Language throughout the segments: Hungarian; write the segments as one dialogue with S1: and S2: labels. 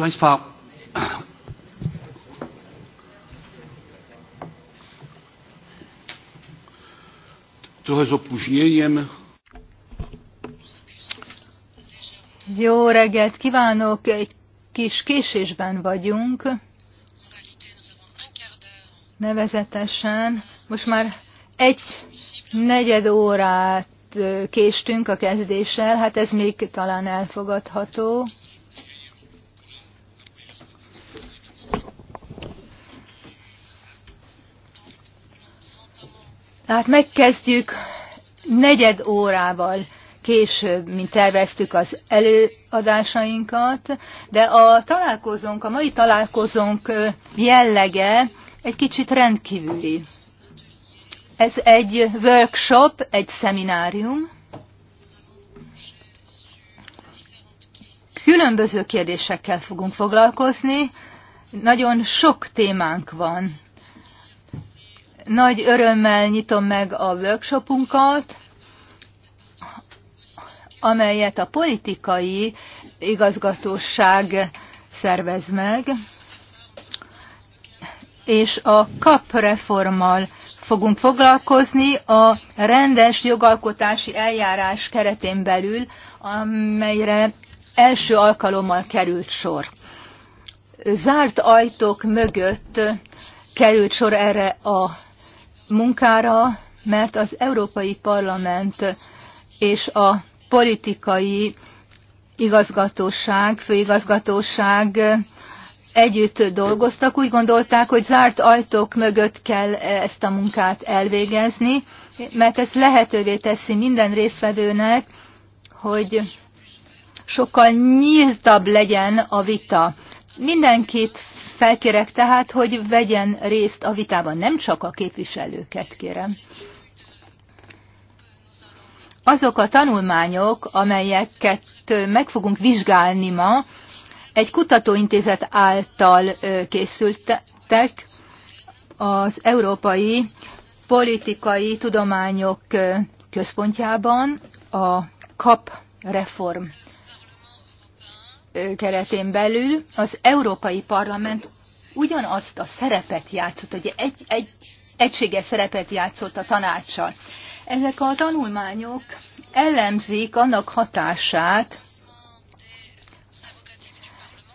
S1: Państwa, trochę z opóźnieniem.
S2: Jó reggelt kívánok! Egy kis késésben vagyunk. Nevezetesen most már egy negyed órát késtünk a kezdéssel, hát ez még talán elfogadható. Tehát megkezdjük negyed órával később, mint terveztük az előadásainkat, de a találkozónk, a mai találkozónk jellege egy kicsit rendkívüli. Ez egy workshop, egy szeminárium. Különböző kérdésekkel fogunk foglalkozni, nagyon sok témánk van nagy örömmel nyitom meg a workshopunkat, amelyet a politikai igazgatóság szervez meg, és a KAP reformmal fogunk foglalkozni a rendes jogalkotási eljárás keretén belül, amelyre első alkalommal került sor. Zárt ajtók mögött került sor erre a munkára, mert az Európai Parlament és a politikai igazgatóság, főigazgatóság együtt dolgoztak. Úgy gondolták, hogy zárt ajtók mögött kell ezt a munkát elvégezni, mert ez lehetővé teszi minden részvevőnek, hogy sokkal nyíltabb legyen a vita. Mindenkit Felkérek tehát, hogy vegyen részt a vitában, nem csak a képviselőket kérem. Azok a tanulmányok, amelyeket meg fogunk vizsgálni ma, egy kutatóintézet által készültek az Európai Politikai Tudományok Központjában a KAP reform keretén belül az Európai Parlament ugyanazt a szerepet játszott, egy, egy, egy egységes szerepet játszott a tanácssal. Ezek a tanulmányok ellenzik annak hatását,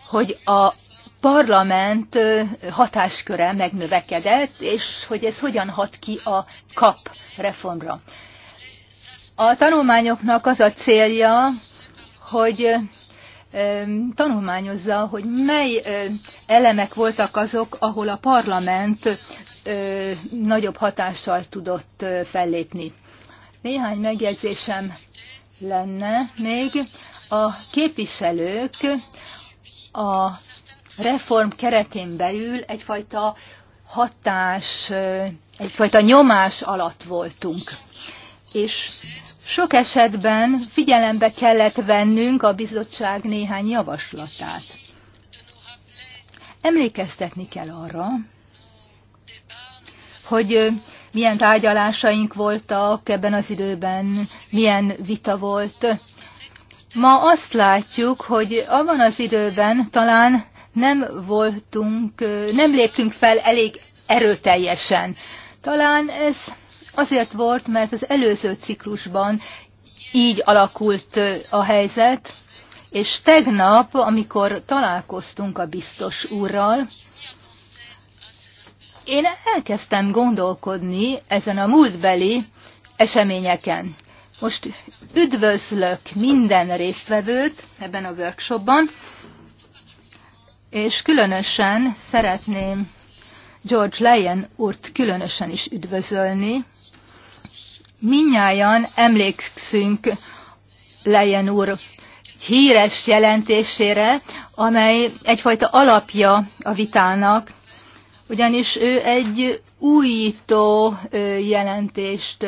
S2: hogy a parlament hatásköre megnövekedett, és hogy ez hogyan hat ki a kap reformra. A tanulmányoknak az a célja, hogy tanulmányozza, hogy mely elemek voltak azok, ahol a parlament nagyobb hatással tudott fellépni. Néhány megjegyzésem lenne még. A képviselők a reform keretén belül egyfajta hatás, egyfajta nyomás alatt voltunk és sok esetben figyelembe kellett vennünk a bizottság néhány javaslatát. Emlékeztetni kell arra, hogy milyen tárgyalásaink voltak ebben az időben, milyen vita volt. Ma azt látjuk, hogy abban az időben talán nem voltunk, nem léptünk fel elég erőteljesen. Talán ez Azért volt, mert az előző ciklusban így alakult a helyzet, és tegnap, amikor találkoztunk a biztos úrral, én elkezdtem gondolkodni ezen a múltbeli eseményeken. Most üdvözlök minden résztvevőt ebben a workshopban, és különösen szeretném George Leyen úrt különösen is üdvözölni, minnyáján emlékszünk Lejen úr híres jelentésére, amely egyfajta alapja a vitának, ugyanis ő egy újító jelentést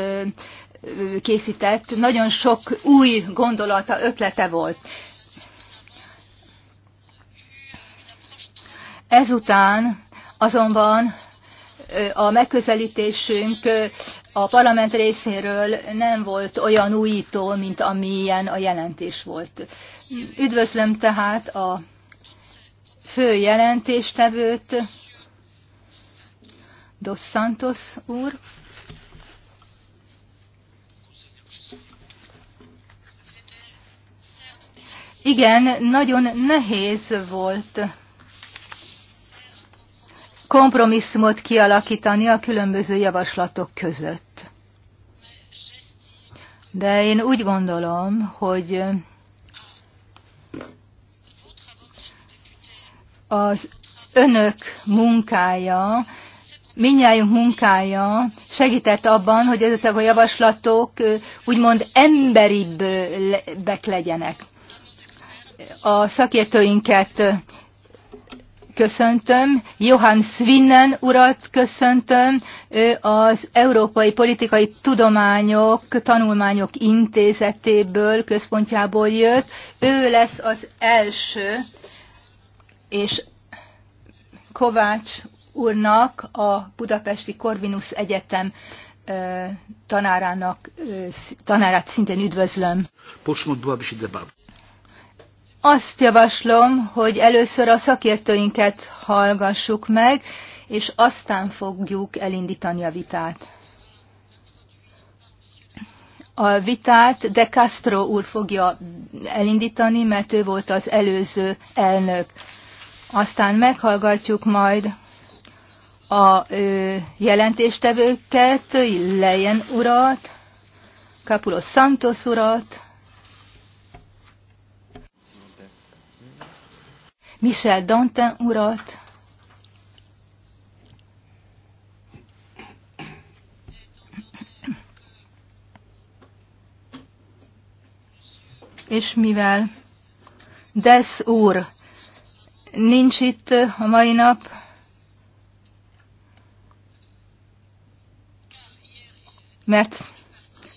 S2: készített, nagyon sok új gondolata, ötlete volt. Ezután azonban a megközelítésünk a parlament részéről nem volt olyan újító, mint amilyen a jelentés volt. Üdvözlöm tehát a fő jelentéstevőt, Dos Santos úr. Igen, nagyon nehéz volt kompromisszumot kialakítani a különböző javaslatok között. De én úgy gondolom, hogy az önök munkája, minnyájunk munkája segített abban, hogy ezek a javaslatok úgymond emberibbek legyenek. A szakértőinket köszöntöm, Johann Swinnen urat köszöntöm, ő az Európai Politikai Tudományok Tanulmányok Intézetéből, központjából jött. Ő lesz az első, és Kovács úrnak, a Budapesti Corvinus Egyetem tanárának, tanárát szintén üdvözlöm. Pocsmond Babisi Debab azt javaslom, hogy először a szakértőinket hallgassuk meg, és aztán fogjuk elindítani a vitát. A vitát De Castro úr fogja elindítani, mert ő volt az előző elnök. Aztán meghallgatjuk majd a ö, jelentéstevőket, Lejen urat, Capulos Santos urat, Michel Dantin urat. És mivel Desz úr nincs itt a mai nap, mert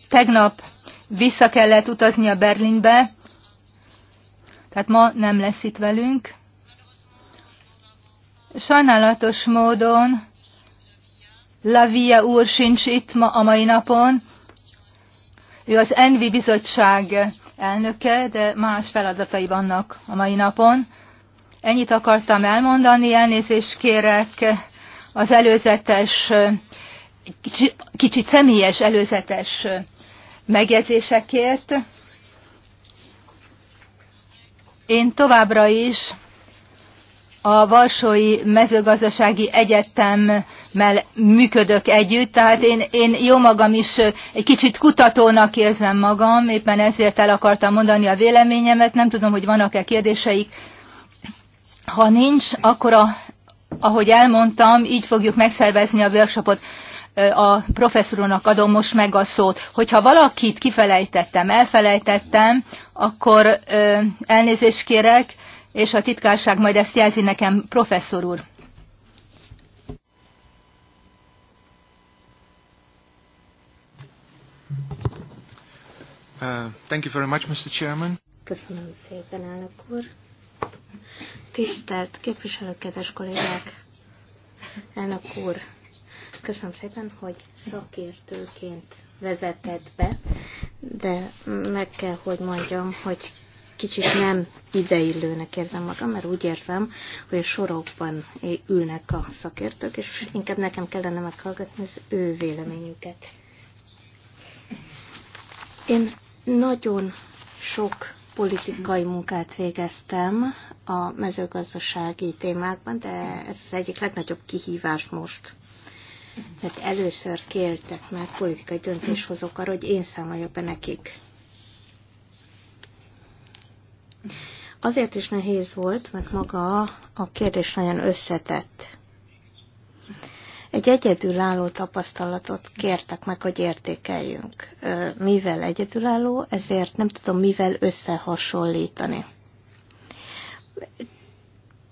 S2: tegnap vissza kellett utaznia Berlinbe, tehát ma nem lesz itt velünk. Sajnálatos módon Lavia úr sincs itt ma a mai napon. Ő az Envi Bizottság elnöke, de más feladatai vannak a mai napon. Ennyit akartam elmondani, elnézést kérek az előzetes, kicsit személyes előzetes megjegyzésekért. Én továbbra is a Varsói Mezőgazdasági Egyetemmel működök együtt, tehát én, én jó magam is egy kicsit kutatónak érzem magam, éppen ezért el akartam mondani a véleményemet, nem tudom, hogy vannak-e kérdéseik. Ha nincs, akkor a, ahogy elmondtam, így fogjuk megszervezni a workshopot a professzorónak adom most meg a szót. Hogyha valakit kifelejtettem, elfelejtettem, akkor elnézést kérek, és a titkárság majd ezt jelzi nekem, professzor úr. Uh, thank you very much, Mr. Chairman.
S3: Köszönöm szépen, elnök úr. Tisztelt képviselő, kedves kollégák! Elnök úr, köszönöm szépen, hogy szakértőként vezetett be, de meg kell, hogy mondjam, hogy kicsit nem ideillőnek érzem magam, mert úgy érzem, hogy a sorokban ülnek a szakértők, és inkább nekem kellene meghallgatni az ő véleményüket. Én nagyon sok politikai munkát végeztem a mezőgazdasági témákban, de ez az egyik legnagyobb kihívás most. Mert először kértek meg politikai döntéshozók arra, hogy én számoljak be nekik. Azért is nehéz volt, mert maga a kérdés nagyon összetett. Egy egyedülálló tapasztalatot kértek meg, hogy értékeljünk. Mivel egyedülálló, ezért nem tudom mivel összehasonlítani.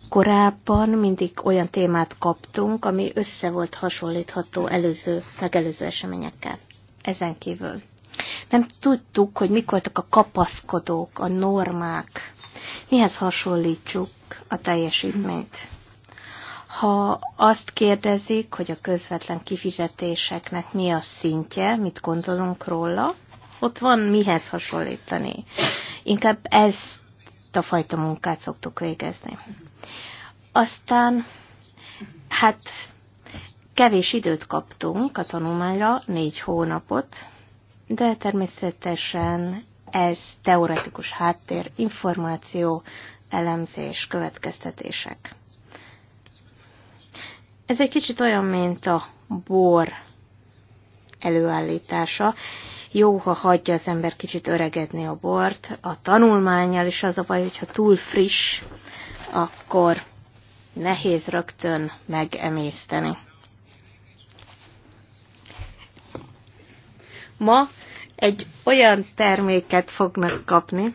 S3: Korábban mindig olyan témát kaptunk, ami össze volt hasonlítható előző, megelőző eseményekkel. Ezen kívül. Nem tudtuk, hogy mik voltak a kapaszkodók, a normák, mihez hasonlítsuk a teljesítményt. Ha azt kérdezik, hogy a közvetlen kifizetéseknek mi a szintje, mit gondolunk róla, ott van mihez hasonlítani. Inkább ezt a fajta munkát szoktuk végezni. Aztán, hát kevés időt kaptunk a tanulmányra, négy hónapot, de természetesen ez teoretikus háttér, információ, elemzés, következtetések. Ez egy kicsit olyan, mint a bor előállítása. Jó, ha hagyja az ember kicsit öregedni a bort. A tanulmányjal is az a baj, hogyha túl friss, akkor nehéz rögtön megemészteni. Ma egy olyan terméket fognak kapni,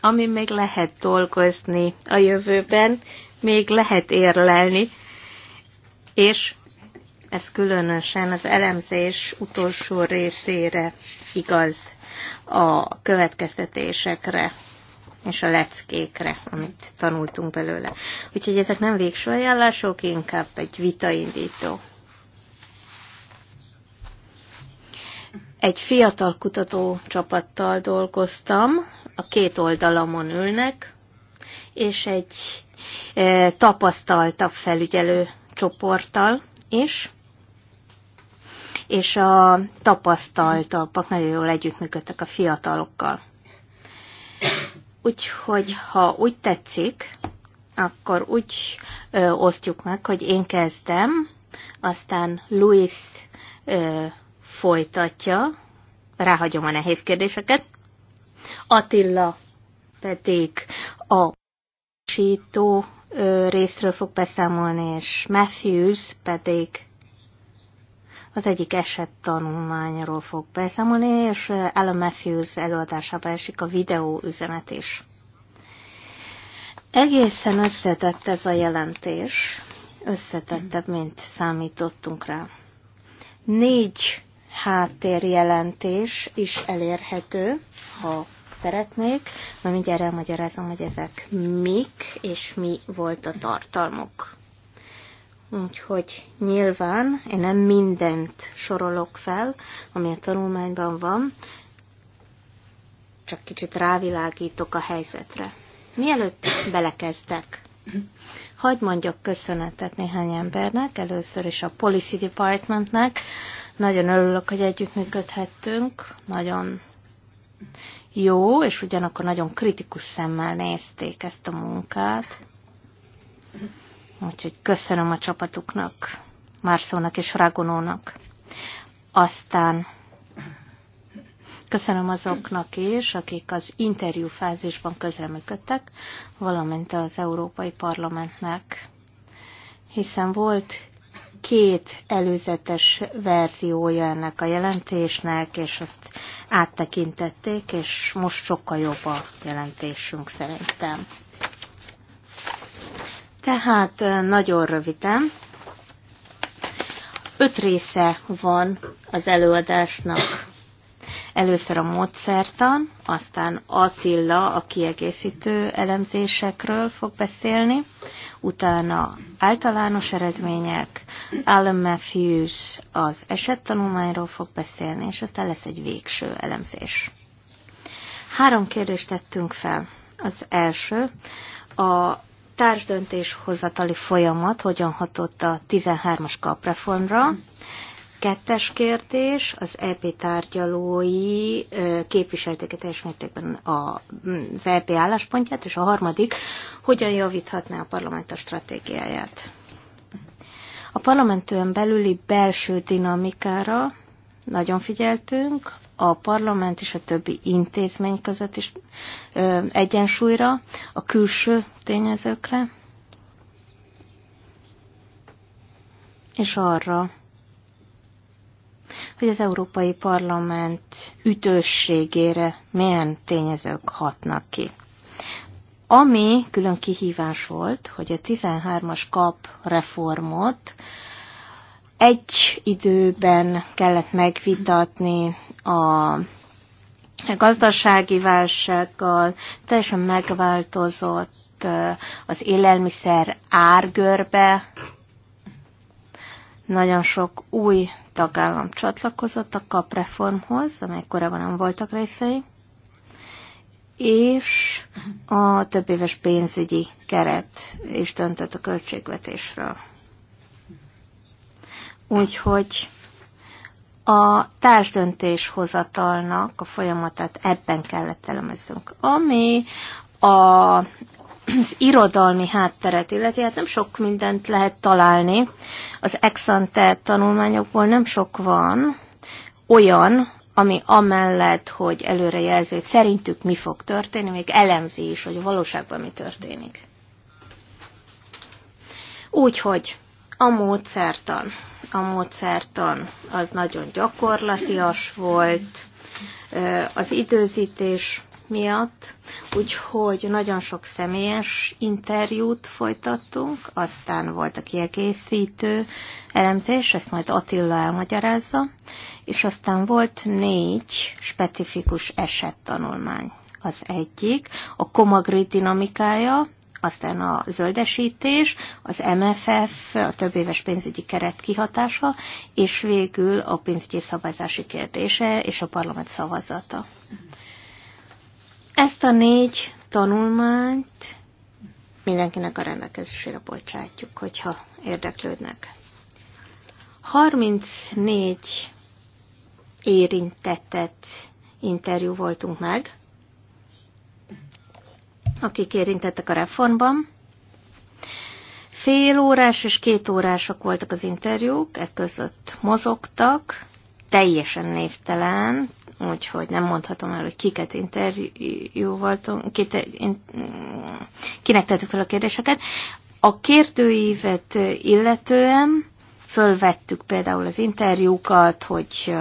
S3: ami még lehet dolgozni a jövőben, még lehet érlelni, és ez különösen az elemzés utolsó részére igaz a következtetésekre és a leckékre, amit tanultunk belőle. Úgyhogy ezek nem végső ajánlások, inkább egy vitaindító. Egy fiatal kutató csapattal dolgoztam, a két oldalamon ülnek, és egy e, tapasztaltabb felügyelő csoporttal is, és a tapasztaltabbak nagyon jól együttműködtek a fiatalokkal. Úgyhogy, ha úgy tetszik, akkor úgy ö, osztjuk meg, hogy én kezdem, aztán Luis ö, folytatja, ráhagyom a nehéz kérdéseket, Attila pedig a sító részről fog beszámolni, és Matthews pedig az egyik eset tanulmányról fog beszámolni, és Alan Matthews előadásába esik a videó üzenet is. Egészen összetett ez a jelentés, összetettebb, mint számítottunk rá. Négy háttérjelentés is elérhető, ha szeretnék. Na mindjárt elmagyarázom, hogy ezek mik, és mi volt a tartalmuk. Úgyhogy nyilván én nem mindent sorolok fel, ami a tanulmányban van, csak kicsit rávilágítok a helyzetre. Mielőtt belekezdek, hagyd mondjak köszönetet néhány embernek, először is a Policy Departmentnek, nagyon örülök, hogy együttműködhettünk, nagyon jó, és ugyanakkor nagyon kritikus szemmel nézték ezt a munkát. Úgyhogy köszönöm a csapatuknak, Márszónak és Ragonónak. Aztán köszönöm azoknak is, akik az interjú fázisban közreműködtek, valamint az Európai Parlamentnek, hiszen volt két előzetes verziója ennek a jelentésnek, és azt áttekintették, és most sokkal jobb a jelentésünk szerintem. Tehát nagyon röviden, öt része van az előadásnak. Először a módszertan, aztán Attila a kiegészítő elemzésekről fog beszélni, utána általános eredmények, Alan Matthews az esettanulmányról fog beszélni, és aztán lesz egy végső elemzés. Három kérdést tettünk fel. Az első, a társdöntéshozatali folyamat hogyan hatott a 13-as kapreformra, Kettes kérdés, az EP tárgyalói képviseltek teljes mértékben az EP álláspontját, és a harmadik, hogyan javíthatná a parlament a stratégiáját. A parlamentön belüli belső dinamikára nagyon figyeltünk, a parlament és a többi intézmény között is ö, egyensúlyra, a külső tényezőkre, és arra, hogy az Európai Parlament ütősségére milyen tényezők hatnak ki. Ami külön kihívás volt, hogy a 13-as kap reformot egy időben kellett megvitatni a gazdasági válsággal, teljesen megváltozott eh, az élelmiszer árgörbe nagyon sok új tagállam csatlakozott a KAP reformhoz, amely korábban nem voltak részei, és a több éves pénzügyi keret is döntött a költségvetésről. Úgyhogy a társdöntéshozatalnak a folyamatát ebben kellett elemeznünk, ami a, az irodalmi hátteret illeti, hát nem sok mindent lehet találni. Az exante tanulmányokból nem sok van olyan, ami amellett, hogy előrejelző, hogy szerintük mi fog történni, még elemzi is, hogy a valóságban mi történik. Úgyhogy a módszertan, a módszertan az nagyon gyakorlatias volt, az időzítés miatt, úgyhogy nagyon sok személyes interjút folytattunk, aztán volt a kiegészítő elemzés, ezt majd Attila elmagyarázza, és aztán volt négy specifikus esettanulmány. Az egyik a komagrid dinamikája, aztán a zöldesítés, az MFF, a több éves pénzügyi keret kihatása, és végül a pénzügyi szabályzási kérdése és a parlament szavazata. Ezt a négy tanulmányt mindenkinek a rendelkezésére bocsátjuk, hogyha érdeklődnek. 34 érintettet interjú voltunk meg, akik érintettek a reformban. Fél órás és két órások voltak az interjúk, e között mozogtak, teljesen névtelen, úgyhogy nem mondhatom el, hogy kiket interjúvoltunk, kit, in, kinek tettük fel a kérdéseket. A kérdőívet illetően fölvettük például az interjúkat, hogy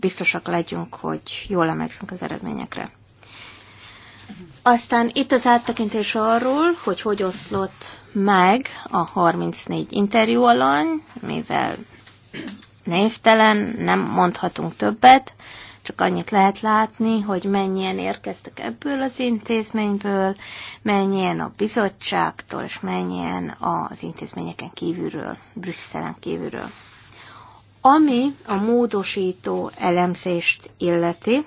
S3: biztosak legyünk, hogy jól emlékszünk az eredményekre. Aztán itt az áttekintés arról, hogy hogy oszlott meg a 34 interjú alany, mivel névtelen, nem mondhatunk többet, csak annyit lehet látni, hogy mennyien érkeztek ebből az intézményből, mennyien a bizottságtól, és mennyien az intézményeken kívülről, Brüsszelen kívülről. Ami a módosító elemzést illeti,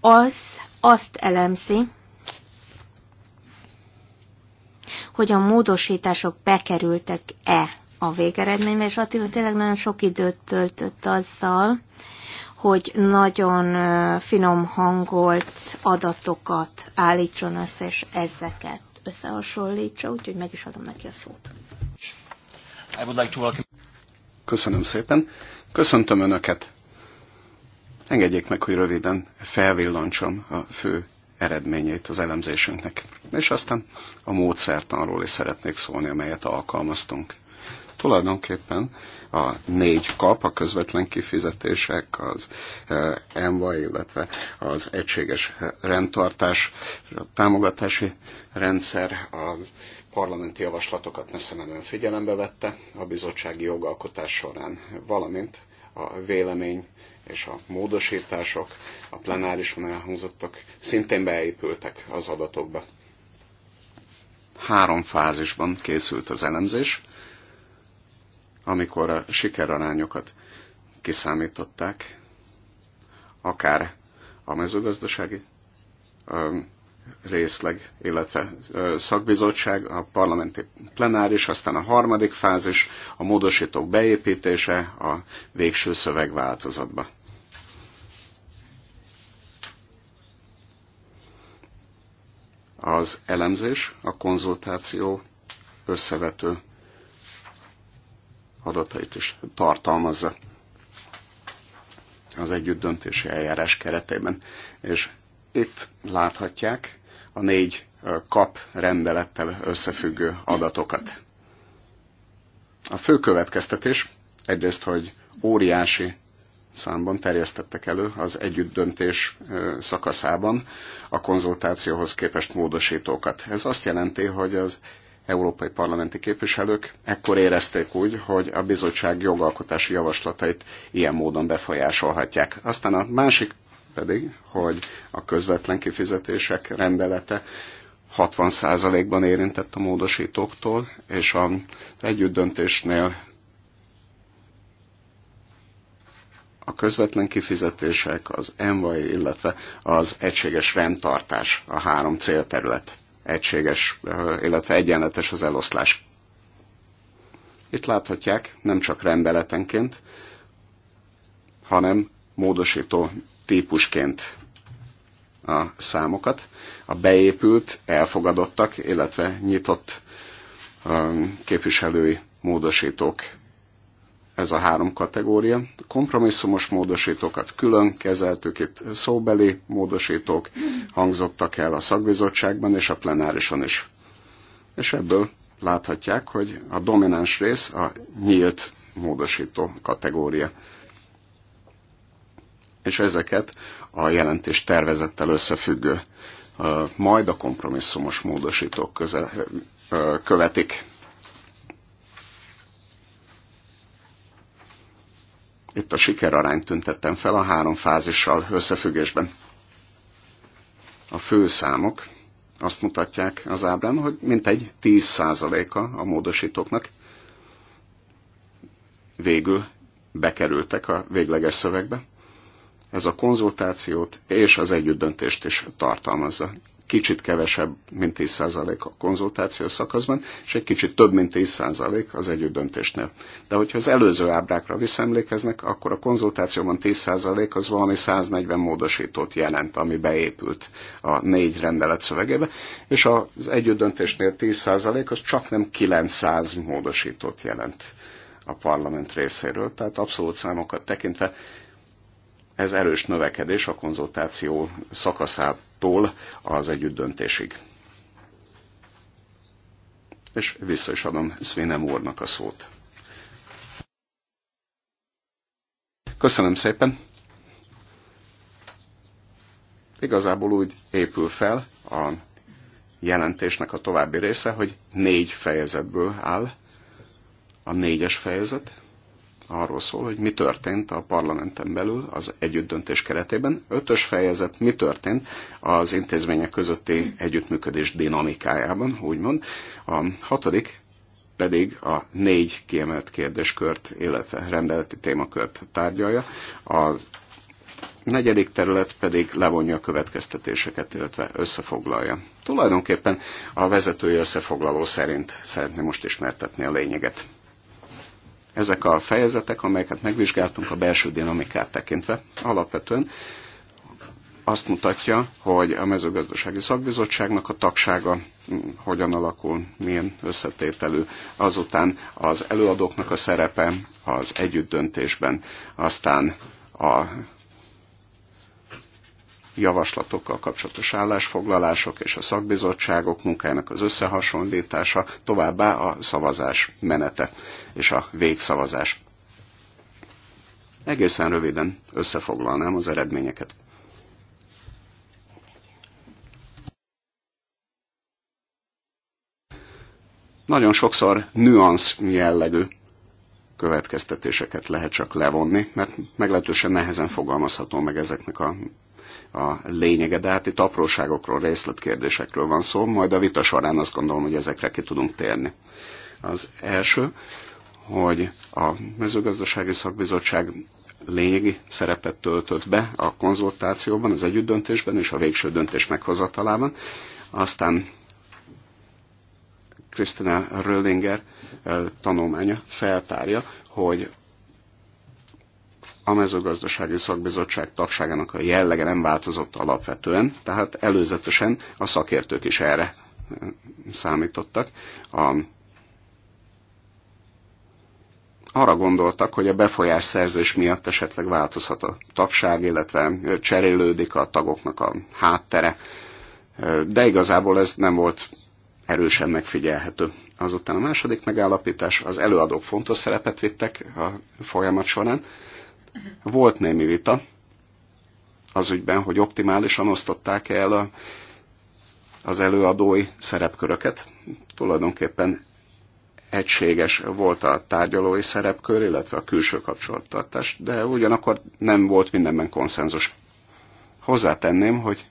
S3: az azt elemzi, hogy a módosítások bekerültek-e a végeredményben, és Attila tényleg nagyon sok időt töltött azzal, hogy nagyon finom hangolt adatokat állítson össze, és ezeket összehasonlítsa, úgyhogy meg is adom neki a
S2: szót.
S1: Köszönöm szépen. Köszöntöm Önöket. Engedjék meg, hogy röviden felvillancsom a fő eredményeit az elemzésünknek. És aztán a módszertanról is szeretnék szólni, amelyet alkalmaztunk Tulajdonképpen a négy kap, a közvetlen kifizetések, az e, ENVA, illetve az egységes rendtartás, a támogatási rendszer, az parlamenti javaslatokat messze menően figyelembe vette a bizottsági jogalkotás során, valamint a vélemény és a módosítások, a plenárison elhangzottak szintén beépültek az adatokba. Három fázisban készült az elemzés, amikor a sikerarányokat kiszámították, akár a mezőgazdasági részleg, illetve szakbizottság, a parlamenti plenáris, aztán a harmadik fázis, a módosítók beépítése a végső szövegváltozatba. Az elemzés, a konzultáció összevető adatait is tartalmazza az együttdöntési eljárás keretében. És itt láthatják a négy kap rendelettel összefüggő adatokat. A fő következtetés egyrészt, hogy óriási számban terjesztettek elő az együttdöntés szakaszában a konzultációhoz képest módosítókat. Ez azt jelenti, hogy az európai parlamenti képviselők ekkor érezték úgy, hogy a bizottság jogalkotási javaslatait ilyen módon befolyásolhatják. Aztán a másik pedig, hogy a közvetlen kifizetések rendelete 60%-ban érintett a módosítóktól, és az együttdöntésnél a közvetlen kifizetések, az envai, illetve az egységes rendtartás a három célterület egységes, eh, illetve egyenletes az eloszlás. Itt láthatják nem csak rendeletenként, hanem módosító típusként a számokat, a beépült, elfogadottak, illetve nyitott eh, képviselői módosítók ez a három kategória. Kompromisszumos módosítókat külön kezeltük, itt szóbeli módosítók hangzottak el a szakbizottságban és a plenárison is. És ebből láthatják, hogy a domináns rész a nyílt módosító kategória. És ezeket a jelentés tervezettel összefüggő, majd a kompromisszumos módosítók közel, követik Itt a sikerarányt tüntettem fel a három fázissal összefüggésben. A főszámok azt mutatják az ábrán, hogy mintegy 10%-a a módosítóknak végül bekerültek a végleges szövegbe. Ez a konzultációt és az együttdöntést is tartalmazza kicsit kevesebb, mint 10% a konzultáció szakaszban, és egy kicsit több, mint 10% az együtt döntésnél. De hogyha az előző ábrákra visszaemlékeznek, akkor a konzultációban 10% az valami 140 módosítót jelent, ami beépült a négy rendelet szövegébe, és az együtt döntésnél 10% az csak nem 900 módosítót jelent a parlament részéről, tehát abszolút számokat tekintve ez erős növekedés a konzultáció szakaszától az együtt döntésig. És vissza is adom Svinem úrnak a szót. Köszönöm szépen! Igazából úgy épül fel a jelentésnek a további része, hogy négy fejezetből áll. A négyes fejezet arról szól, hogy mi történt a parlamenten belül az együttdöntés keretében. Ötös fejezet, mi történt az intézmények közötti együttműködés dinamikájában, úgymond. A hatodik pedig a négy kiemelt kérdéskört, illetve rendeleti témakört tárgyalja. A negyedik terület pedig levonja a következtetéseket, illetve összefoglalja. Tulajdonképpen a vezetői összefoglaló szerint szeretném most ismertetni a lényeget. Ezek a fejezetek, amelyeket megvizsgáltunk a belső dinamikát tekintve, alapvetően azt mutatja, hogy a mezőgazdasági szakbizottságnak a tagsága hm, hogyan alakul, milyen összetételű. Azután az előadóknak a szerepe az együttdöntésben, aztán a javaslatokkal kapcsolatos állásfoglalások és a szakbizottságok munkájának az összehasonlítása, továbbá a szavazás menete és a végszavazás. Egészen röviden összefoglalnám az eredményeket. Nagyon sokszor nüansz jellegű következtetéseket lehet csak levonni, mert meglehetősen nehezen fogalmazható meg ezeknek a a lényege, de hát itt apróságokról, részletkérdésekről van szó, majd a vita során azt gondolom, hogy ezekre ki tudunk térni. Az első, hogy a mezőgazdasági szakbizottság lényegi szerepet töltött be a konzultációban, az együttdöntésben és a végső döntés meghozatalában. Aztán Krisztina Röllinger eh, tanulmánya feltárja, hogy a mezőgazdasági szakbizottság tagságának a jellege nem változott alapvetően, tehát előzetesen a szakértők is erre eh, számítottak. A, arra gondoltak, hogy a befolyásszerzés miatt esetleg változhat a tagság, illetve eh, cserélődik a tagoknak a háttere, eh, de igazából ez nem volt erősen megfigyelhető. Azután a második megállapítás, az előadók fontos szerepet vittek a folyamat során, volt némi vita az ügyben, hogy optimálisan osztották el a, az előadói szerepköröket. Tulajdonképpen egységes volt a tárgyalói szerepkör, illetve a külső kapcsolattartás, de ugyanakkor nem volt mindenben konszenzus. Hozzátenném, hogy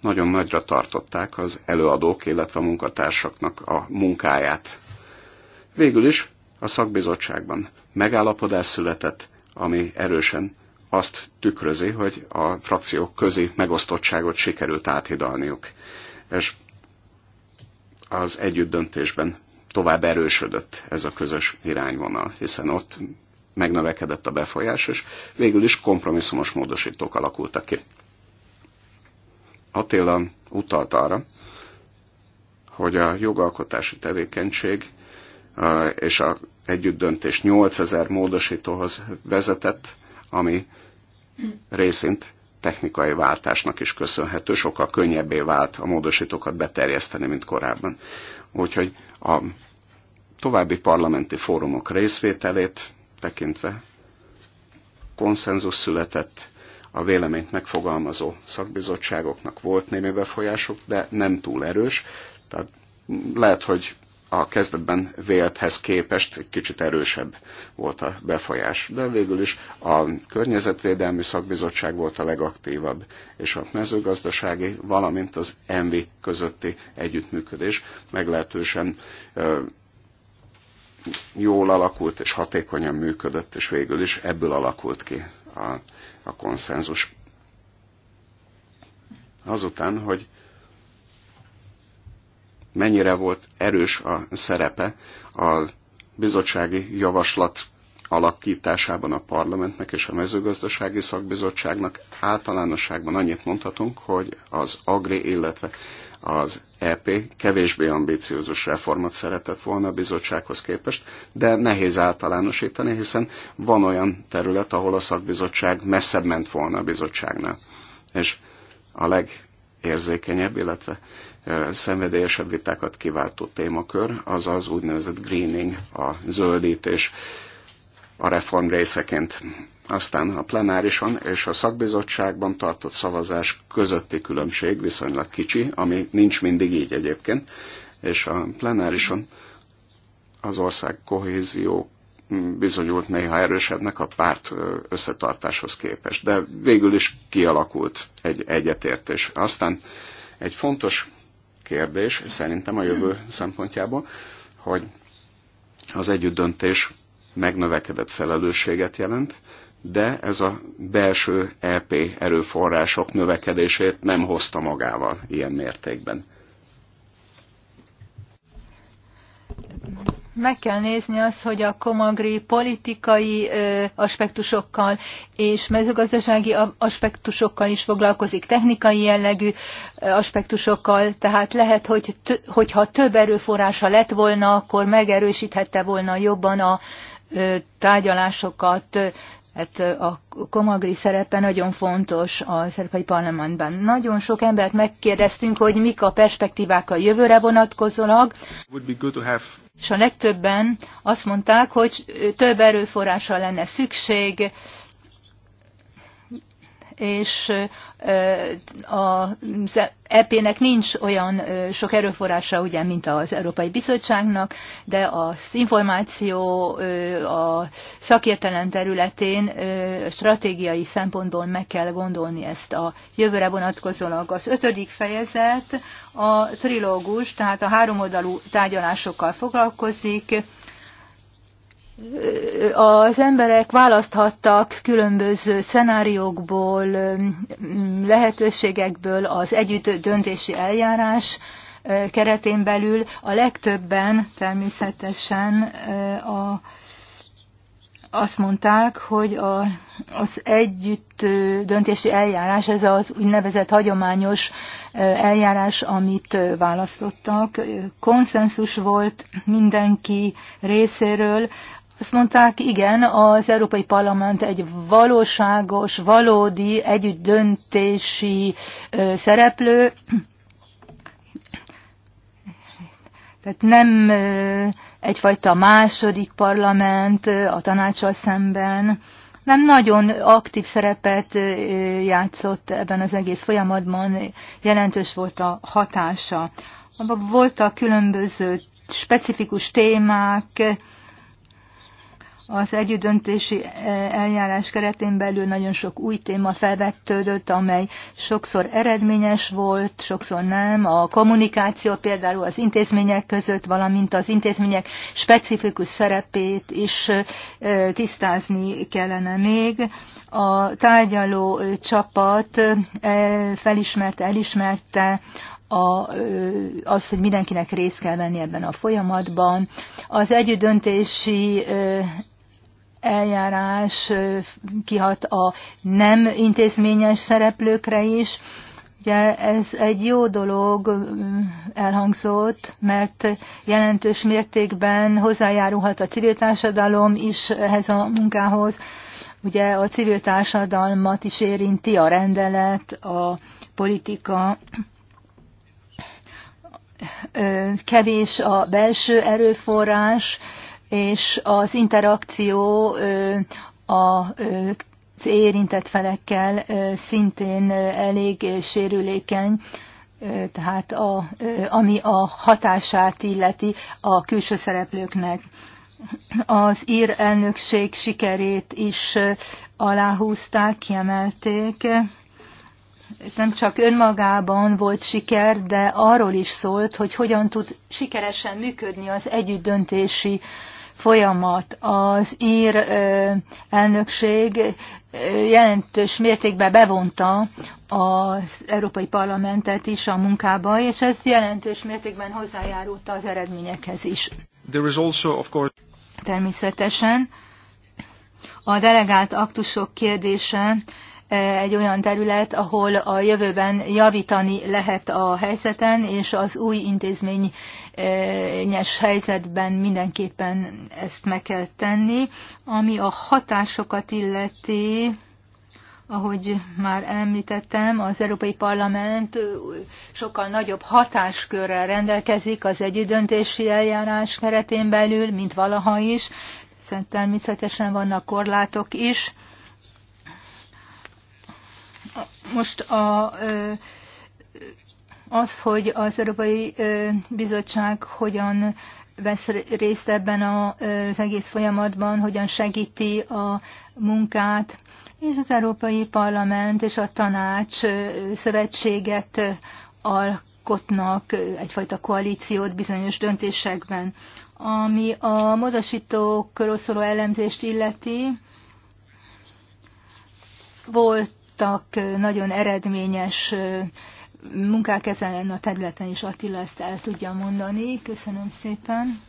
S1: nagyon nagyra tartották az előadók, illetve a munkatársaknak a munkáját. Végül is a szakbizottságban megállapodás született, ami erősen azt tükrözi, hogy a frakciók közi megosztottságot sikerült áthidalniuk. És az együttdöntésben tovább erősödött ez a közös irányvonal, hiszen ott megnövekedett a befolyás, és végül is kompromisszumos módosítók alakultak ki. Attila utalt arra, hogy a jogalkotási tevékenység és a együttdöntés 8000 módosítóhoz vezetett, ami részint technikai váltásnak is köszönhető, sokkal könnyebbé vált a módosítókat beterjeszteni, mint korábban. Úgyhogy a további parlamenti fórumok részvételét tekintve konszenzus született, a véleményt megfogalmazó szakbizottságoknak volt némi befolyásuk, de nem túl erős, tehát lehet, hogy a kezdetben vélthez képest kicsit erősebb volt a befolyás, de végül is a környezetvédelmi szakbizottság volt a legaktívabb, és a mezőgazdasági, valamint az ENVI közötti együttműködés meglehetősen jól alakult és hatékonyan működött, és végül is ebből alakult ki a, a konszenzus. Azután, hogy mennyire volt erős a szerepe a bizottsági javaslat alakításában a parlamentnek és a mezőgazdasági szakbizottságnak általánosságban annyit mondhatunk, hogy az AGRI, illetve az EP kevésbé ambiciózus reformot szeretett volna a bizottsághoz képest, de nehéz általánosítani, hiszen van olyan terület, ahol a szakbizottság messzebb ment volna a bizottságnál. És a legérzékenyebb, illetve szenvedélyesebb vitákat kiváltó témakör, az az úgynevezett greening, a zöldítés a reform részeként. Aztán a plenárison és a szakbizottságban tartott szavazás közötti különbség viszonylag kicsi, ami nincs mindig így egyébként, és a plenárison az ország kohézió bizonyult néha erősebbnek a párt összetartáshoz képest, de végül is kialakult egy egyetértés. Aztán egy fontos kérdés szerintem a jövő szempontjából, hogy az együttdöntés megnövekedett felelősséget jelent, de ez a belső EP erőforrások növekedését nem hozta magával ilyen mértékben.
S2: meg kell nézni azt, hogy a komagri politikai aspektusokkal és mezőgazdasági aspektusokkal is foglalkozik, technikai jellegű aspektusokkal, tehát lehet, hogy hogyha több erőforrása lett volna, akkor megerősíthette volna jobban a tárgyalásokat hát a komagri szerepe nagyon fontos a szerepai Parlamentben. Nagyon sok embert megkérdeztünk, hogy mik a perspektívák a jövőre vonatkozólag, és a legtöbben azt mondták, hogy több erőforrásra lenne szükség, és az EP-nek nincs olyan sok erőforrása, ugye, mint az Európai Bizottságnak, de az információ a szakértelem területén stratégiai szempontból meg kell gondolni ezt a jövőre vonatkozólag. Az ötödik fejezet a trilógus, tehát a háromoldalú tárgyalásokkal foglalkozik, az emberek választhattak különböző szenáriókból, lehetőségekből az együtt döntési eljárás keretén belül. A legtöbben természetesen a, azt mondták, hogy a, az együtt döntési eljárás, ez az úgynevezett hagyományos eljárás, amit választottak, konszenzus volt mindenki részéről azt mondták, igen, az Európai Parlament egy valóságos, valódi együttdöntési szereplő, tehát nem egyfajta második parlament a tanácssal szemben, nem nagyon aktív szerepet játszott ebben az egész folyamatban, jelentős volt a hatása. Abban voltak különböző specifikus témák, az együttdöntési eh, eljárás keretén belül nagyon sok új téma felvettődött, amely sokszor eredményes volt, sokszor nem. A kommunikáció például az intézmények között, valamint az intézmények specifikus szerepét is eh, tisztázni kellene még. A tárgyaló eh, csapat felismerte, elismerte a, az, hogy mindenkinek részt kell venni ebben a folyamatban. Az együttdöntési eljárás kihat a nem intézményes szereplőkre is. Ugye ez egy jó dolog elhangzott, mert jelentős mértékben hozzájárulhat a civil társadalom is ehhez a munkához. Ugye a civil társadalmat is érinti a rendelet, a politika, kevés a belső erőforrás, és az interakció az érintett felekkel szintén elég sérülékeny, tehát a, ami a hatását illeti a külső szereplőknek. Az ír elnökség sikerét is aláhúzták, kiemelték. Ez nem csak önmagában volt siker, de arról is szólt, hogy hogyan tud sikeresen működni az együttdöntési folyamat. Az ír elnökség jelentős mértékben bevonta az Európai Parlamentet is a munkába, és ez jelentős mértékben hozzájárult az eredményekhez is.
S1: There is also, of course...
S2: Természetesen a delegált aktusok kérdése egy olyan terület, ahol a jövőben javítani lehet a helyzeten, és az új intézmény nyes helyzetben mindenképpen ezt meg kell tenni. Ami a hatásokat illeti, ahogy már említettem, az Európai Parlament sokkal nagyobb hatáskörrel rendelkezik az együttdöntési eljárás keretén belül, mint valaha is. Szerintem természetesen vannak korlátok is. Most a az, hogy az Európai Bizottság hogyan vesz részt ebben az egész folyamatban, hogyan segíti a munkát, és az Európai Parlament és a Tanács szövetséget alkotnak egyfajta koalíciót bizonyos döntésekben. Ami a módosítókról szóló elemzést illeti, voltak nagyon eredményes munkák ezen a területen is Attila ezt el tudja mondani. Köszönöm szépen.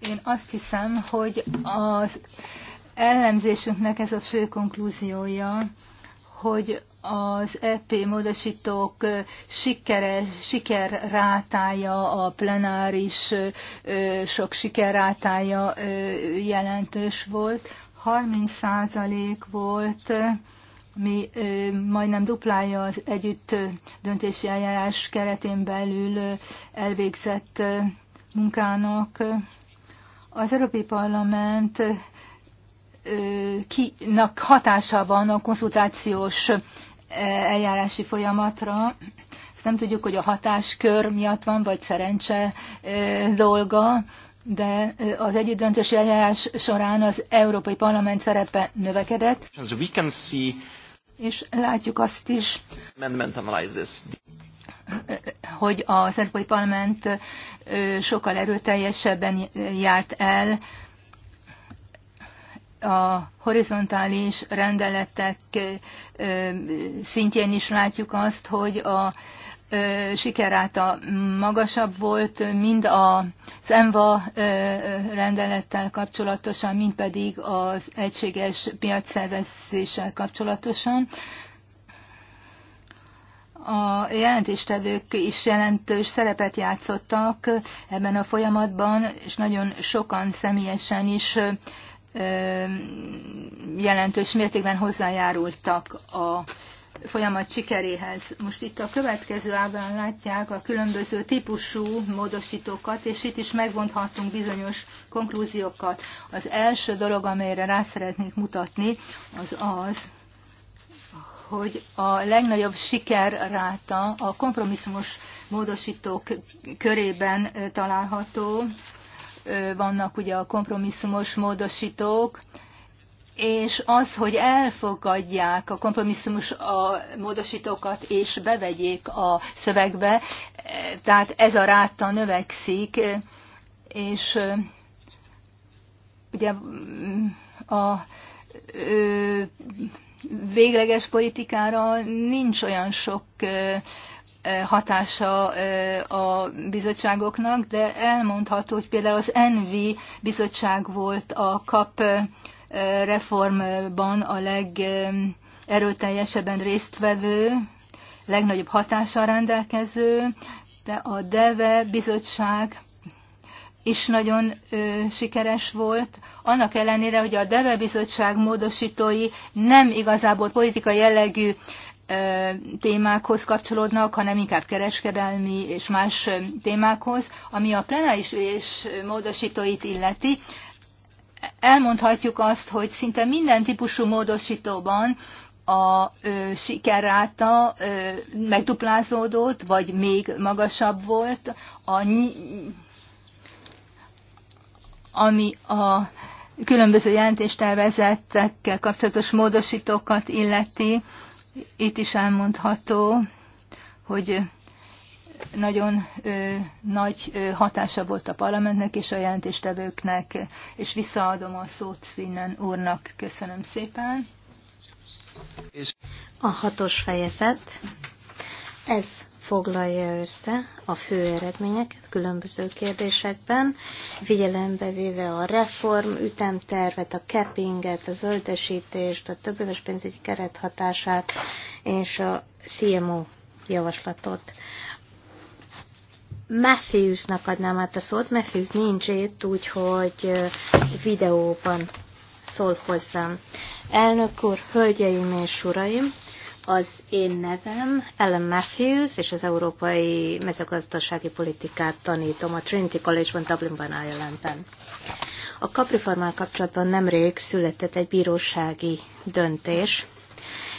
S2: Én azt hiszem, hogy az ellenzésünknek ez a fő konklúziója, hogy az EP módosítók sikere, sikerrátája, a plenáris sok sikerrátája jelentős volt. 30% volt mi majdnem duplája az együtt döntési eljárás keretén belül elvégzett munkának. Az Európai Parlament kinak hatása van a konzultációs eljárási folyamatra. Ezt nem tudjuk, hogy a hatáskör miatt van, vagy szerencse dolga, de az együttdöntési eljárás során az Európai Parlament szerepe növekedett és látjuk azt is, hogy a Európai Parlament sokkal erőteljesebben járt el a horizontális rendeletek szintjén is látjuk azt, hogy a sikeráta magasabb volt, mind az ENVA rendelettel kapcsolatosan, mind pedig az egységes piacszervezéssel kapcsolatosan. A jelentéstevők is jelentős szerepet játszottak ebben a folyamatban, és nagyon sokan személyesen is jelentős mértékben hozzájárultak a folyamat sikeréhez. Most itt a következő ábrán látják a különböző típusú módosítókat, és itt is megvonhatunk bizonyos konklúziókat. Az első dolog, amelyre rá szeretnék mutatni, az az, hogy a legnagyobb sikerráta a kompromisszumos módosítók körében található. Vannak ugye a kompromisszumos módosítók, és az, hogy elfogadják a kompromisszumos a módosítókat és bevegyék a szövegbe, tehát ez a ráta növekszik, és ugye mm, a végleges politikára nincs olyan sok hatása a bizottságoknak, de elmondható, hogy például az ENVI bizottság volt a kap reformban a legerőteljesebben résztvevő, legnagyobb hatással rendelkező, de a DEVE bizottság is nagyon ö, sikeres volt, annak ellenére, hogy a DEVE bizottság módosítói nem igazából politikai jellegű ö, témákhoz kapcsolódnak, hanem inkább kereskedelmi és más témákhoz, ami a plenáris ülés módosítóit illeti elmondhatjuk azt, hogy szinte minden típusú módosítóban a ö, sikerráta ö, megduplázódott, vagy még magasabb volt, a, ami a különböző jelentéstervezetekkel kapcsolatos módosítókat illeti. Itt is elmondható, hogy nagyon nagy hatása volt a parlamentnek és a jelentéstevőknek, és visszaadom a szót Finnen úrnak. Köszönöm szépen. A hatos fejezet, ez foglalja össze
S3: a fő eredményeket különböző kérdésekben, figyelembe véve a reform ütemtervet, a cappinget, a zöldesítést, a többéves pénzügyi kerethatását hatását és a CMO javaslatot. Matthewsnak adnám át a szót. Matthews nincs itt, úgyhogy videóban szól hozzám. Elnök úr, hölgyeim és uraim, az én nevem Ellen Matthews, és az európai mezőgazdasági politikát tanítom a Trinity College-ban, Dublinban, Ireland-ben. A kapriformál kapcsolatban nemrég született egy bírósági döntés,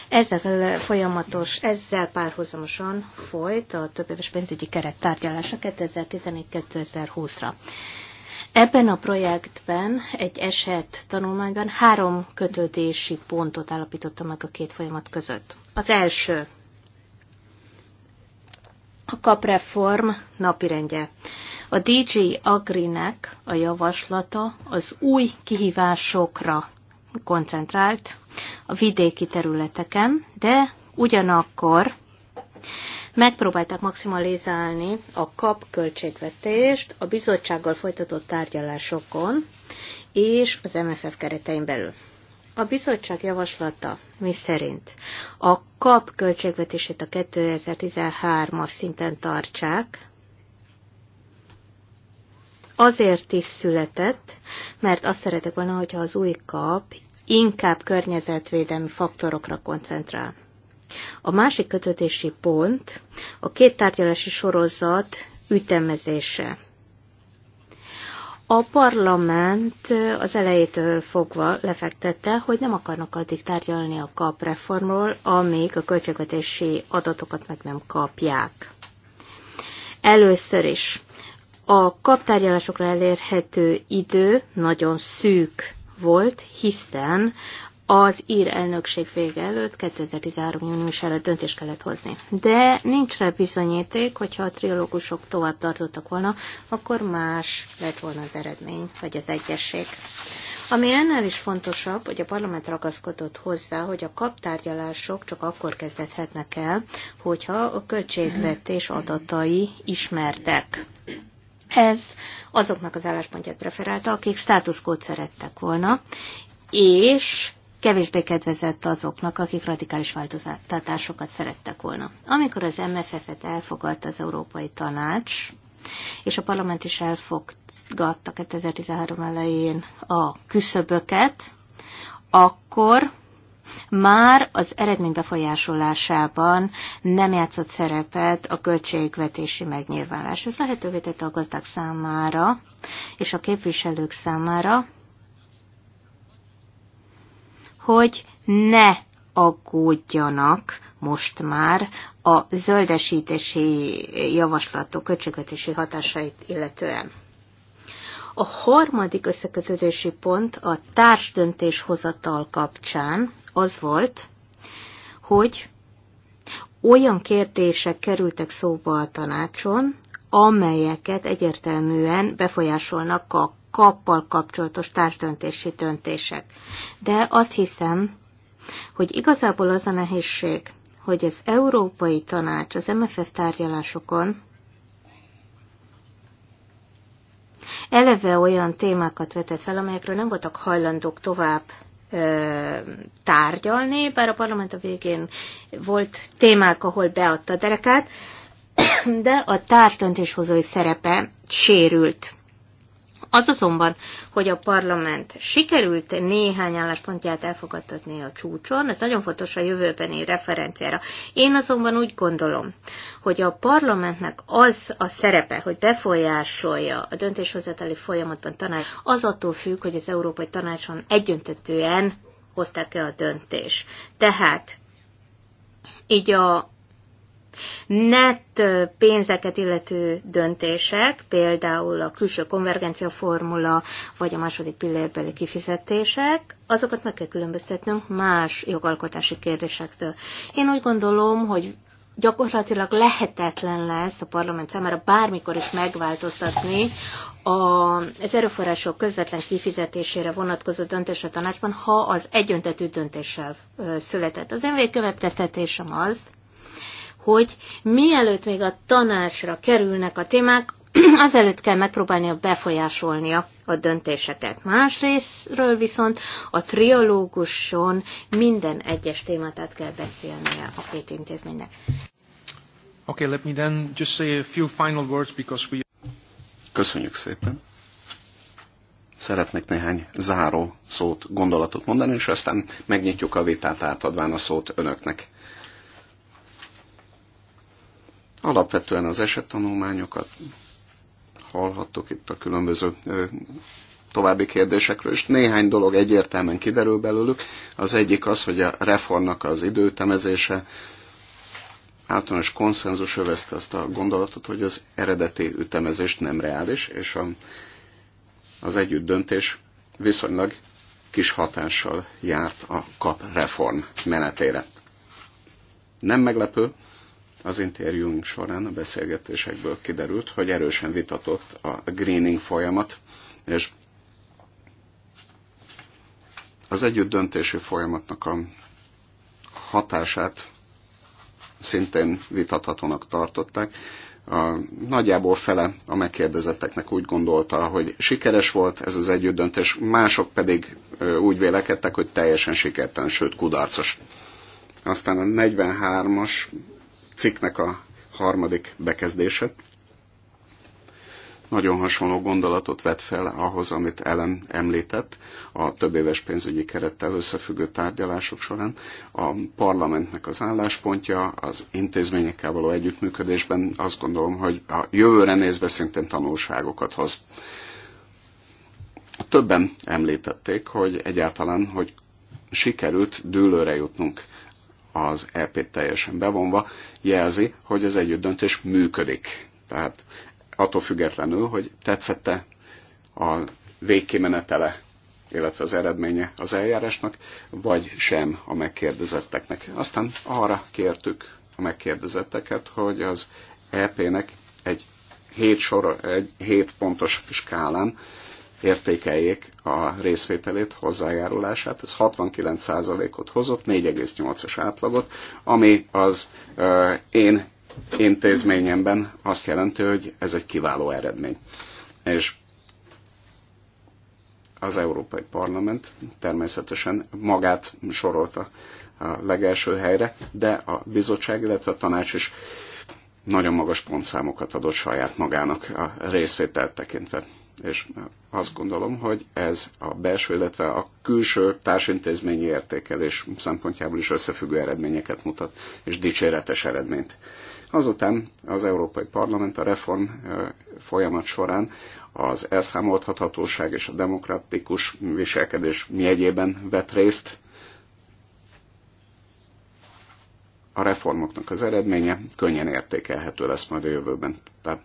S3: ezzel folyamatos, ezzel párhuzamosan folyt a több éves pénzügyi keret tárgyalása 2014-2020-ra. Ebben a projektben egy eset tanulmányban három kötődési pontot állapította meg a két folyamat között. Az első a kapreform napirendje. A DJ Agrinek a javaslata az új kihívásokra koncentrált a vidéki területeken, de ugyanakkor megpróbálták maximalizálni a kap költségvetést a bizottsággal folytatott tárgyalásokon és az MFF keretein belül. A bizottság javaslata, mi szerint a kap költségvetését a 2013-as szinten tartsák, azért is született, mert azt szeretek volna, hogyha az új kap inkább környezetvédelmi faktorokra koncentrál. A másik kötötési pont a két tárgyalási sorozat ütemezése. A parlament az elejétől fogva lefektette, hogy nem akarnak addig tárgyalni a KAP reformról, amíg a költségvetési adatokat meg nem kapják. Először is a kaptárgyalásokra elérhető idő nagyon szűk volt, hiszen az ír elnökség vége előtt, 2013. június előtt döntést kellett hozni. De nincs rá bizonyíték, hogyha a trilógusok tovább tartottak volna, akkor más lett volna az eredmény, vagy az egyesség. Ami ennél is fontosabb, hogy a parlament ragaszkodott hozzá, hogy a kaptárgyalások csak akkor kezdethetnek el, hogyha a költségvetés adatai ismertek. Ez azoknak az álláspontját preferálta, akik státuszkót szerettek volna, és kevésbé kedvezett azoknak, akik radikális változtatásokat szerettek volna. Amikor az MFF-et elfogadta az Európai Tanács, és a parlament is elfogadta 2013 elején a küszöböket, akkor már az eredmény befolyásolásában nem játszott szerepet a költségvetési megnyilvánulás. Ez lehetővé tette a gazdák számára és a képviselők számára, hogy ne aggódjanak most már a zöldesítési javaslatok költségvetési hatásait illetően. A harmadik összekötődési pont a társdöntéshozatal kapcsán az volt, hogy olyan kérdések kerültek szóba a tanácson, amelyeket egyértelműen befolyásolnak a kappal kapcsolatos társdöntési döntések. De azt hiszem, hogy igazából az a nehézség, hogy az Európai Tanács az MFF tárgyalásokon eleve olyan témákat vetett fel, amelyekről nem voltak hajlandók tovább tárgyalni, bár a parlament a végén volt témák, ahol beadta a derekát, de a társdöntéshozói szerepe sérült. Az azonban, hogy a parlament sikerült néhány álláspontját elfogadtatni a csúcson, ez nagyon fontos a jövőbeni referenciára. Én azonban úgy gondolom, hogy a parlamentnek az a szerepe, hogy befolyásolja a döntéshozatali folyamatban tanács, az attól függ, hogy az Európai Tanácson egyöntetően hozták el a döntés. Tehát így a net pénzeket illető döntések, például a külső konvergencia formula, vagy a második pillérbeli kifizetések, azokat meg kell különböztetnünk más jogalkotási kérdésektől. Én úgy gondolom, hogy gyakorlatilag lehetetlen lesz a parlament számára bármikor is megváltoztatni az erőforrások közvetlen kifizetésére vonatkozó döntés a tanácsban, ha az egyöntetű döntéssel született. Az én végkövetkeztetésem az, hogy mielőtt még a tanácsra kerülnek a témák, azelőtt kell megpróbálnia befolyásolnia a döntéseket. Másrésztről viszont a triológuson minden egyes témát át kell beszélnie a két intézménynek.
S1: Okay, let me then just say a few final words because we... Köszönjük szépen. Szeretnék néhány záró szót, gondolatot mondani, és aztán megnyitjuk a vitát átadván a szót önöknek. Alapvetően az esettanulmányokat hallhattok itt a különböző további kérdésekről, és néhány dolog egyértelműen kiderül belőlük. Az egyik az, hogy a reformnak az időtemezése általános konszenzus övezte azt a gondolatot, hogy az eredeti ütemezést nem reális, és a, az együtt döntés viszonylag kis hatással járt a kap reform menetére. Nem meglepő, az interjúink során a beszélgetésekből kiderült, hogy erősen vitatott a greening folyamat, és az együtt döntési folyamatnak a hatását szintén vitathatónak tartották. A, nagyjából fele a megkérdezetteknek úgy gondolta, hogy sikeres volt ez az együttdöntés, mások pedig úgy vélekedtek, hogy teljesen sikertelen, sőt kudarcos. Aztán a 43-as cikknek a harmadik bekezdése nagyon hasonló gondolatot vet fel ahhoz, amit Ellen említett a több éves pénzügyi kerettel összefüggő tárgyalások során. A parlamentnek az álláspontja, az intézményekkel való együttműködésben azt gondolom, hogy a jövőre nézve szintén tanulságokat hoz. Többen említették, hogy egyáltalán, hogy sikerült dőlőre jutnunk az EP teljesen bevonva, jelzi, hogy az együttdöntés működik. Tehát attól függetlenül, hogy tetszette a végkimenetele, illetve az eredménye az eljárásnak, vagy sem a megkérdezetteknek. Aztán arra kértük a megkérdezetteket, hogy az EP-nek egy 7, sor, egy hét pontos skálán értékeljék a részvételét, hozzájárulását. Ez 69%-ot hozott, 4,8-as átlagot, ami az én intézményemben azt jelenti, hogy ez egy kiváló eredmény. És az Európai Parlament természetesen magát sorolta a legelső helyre, de a bizottság, illetve a tanács is nagyon magas pontszámokat adott saját magának a részvételt tekintve és azt gondolom, hogy ez a belső, illetve a külső társintézményi értékelés szempontjából is összefüggő eredményeket mutat, és dicséretes eredményt. Azután az Európai Parlament a reform folyamat során az elszámolthatóság és a demokratikus viselkedés jegyében vett részt. A reformoknak az eredménye könnyen értékelhető lesz majd a jövőben. Tehát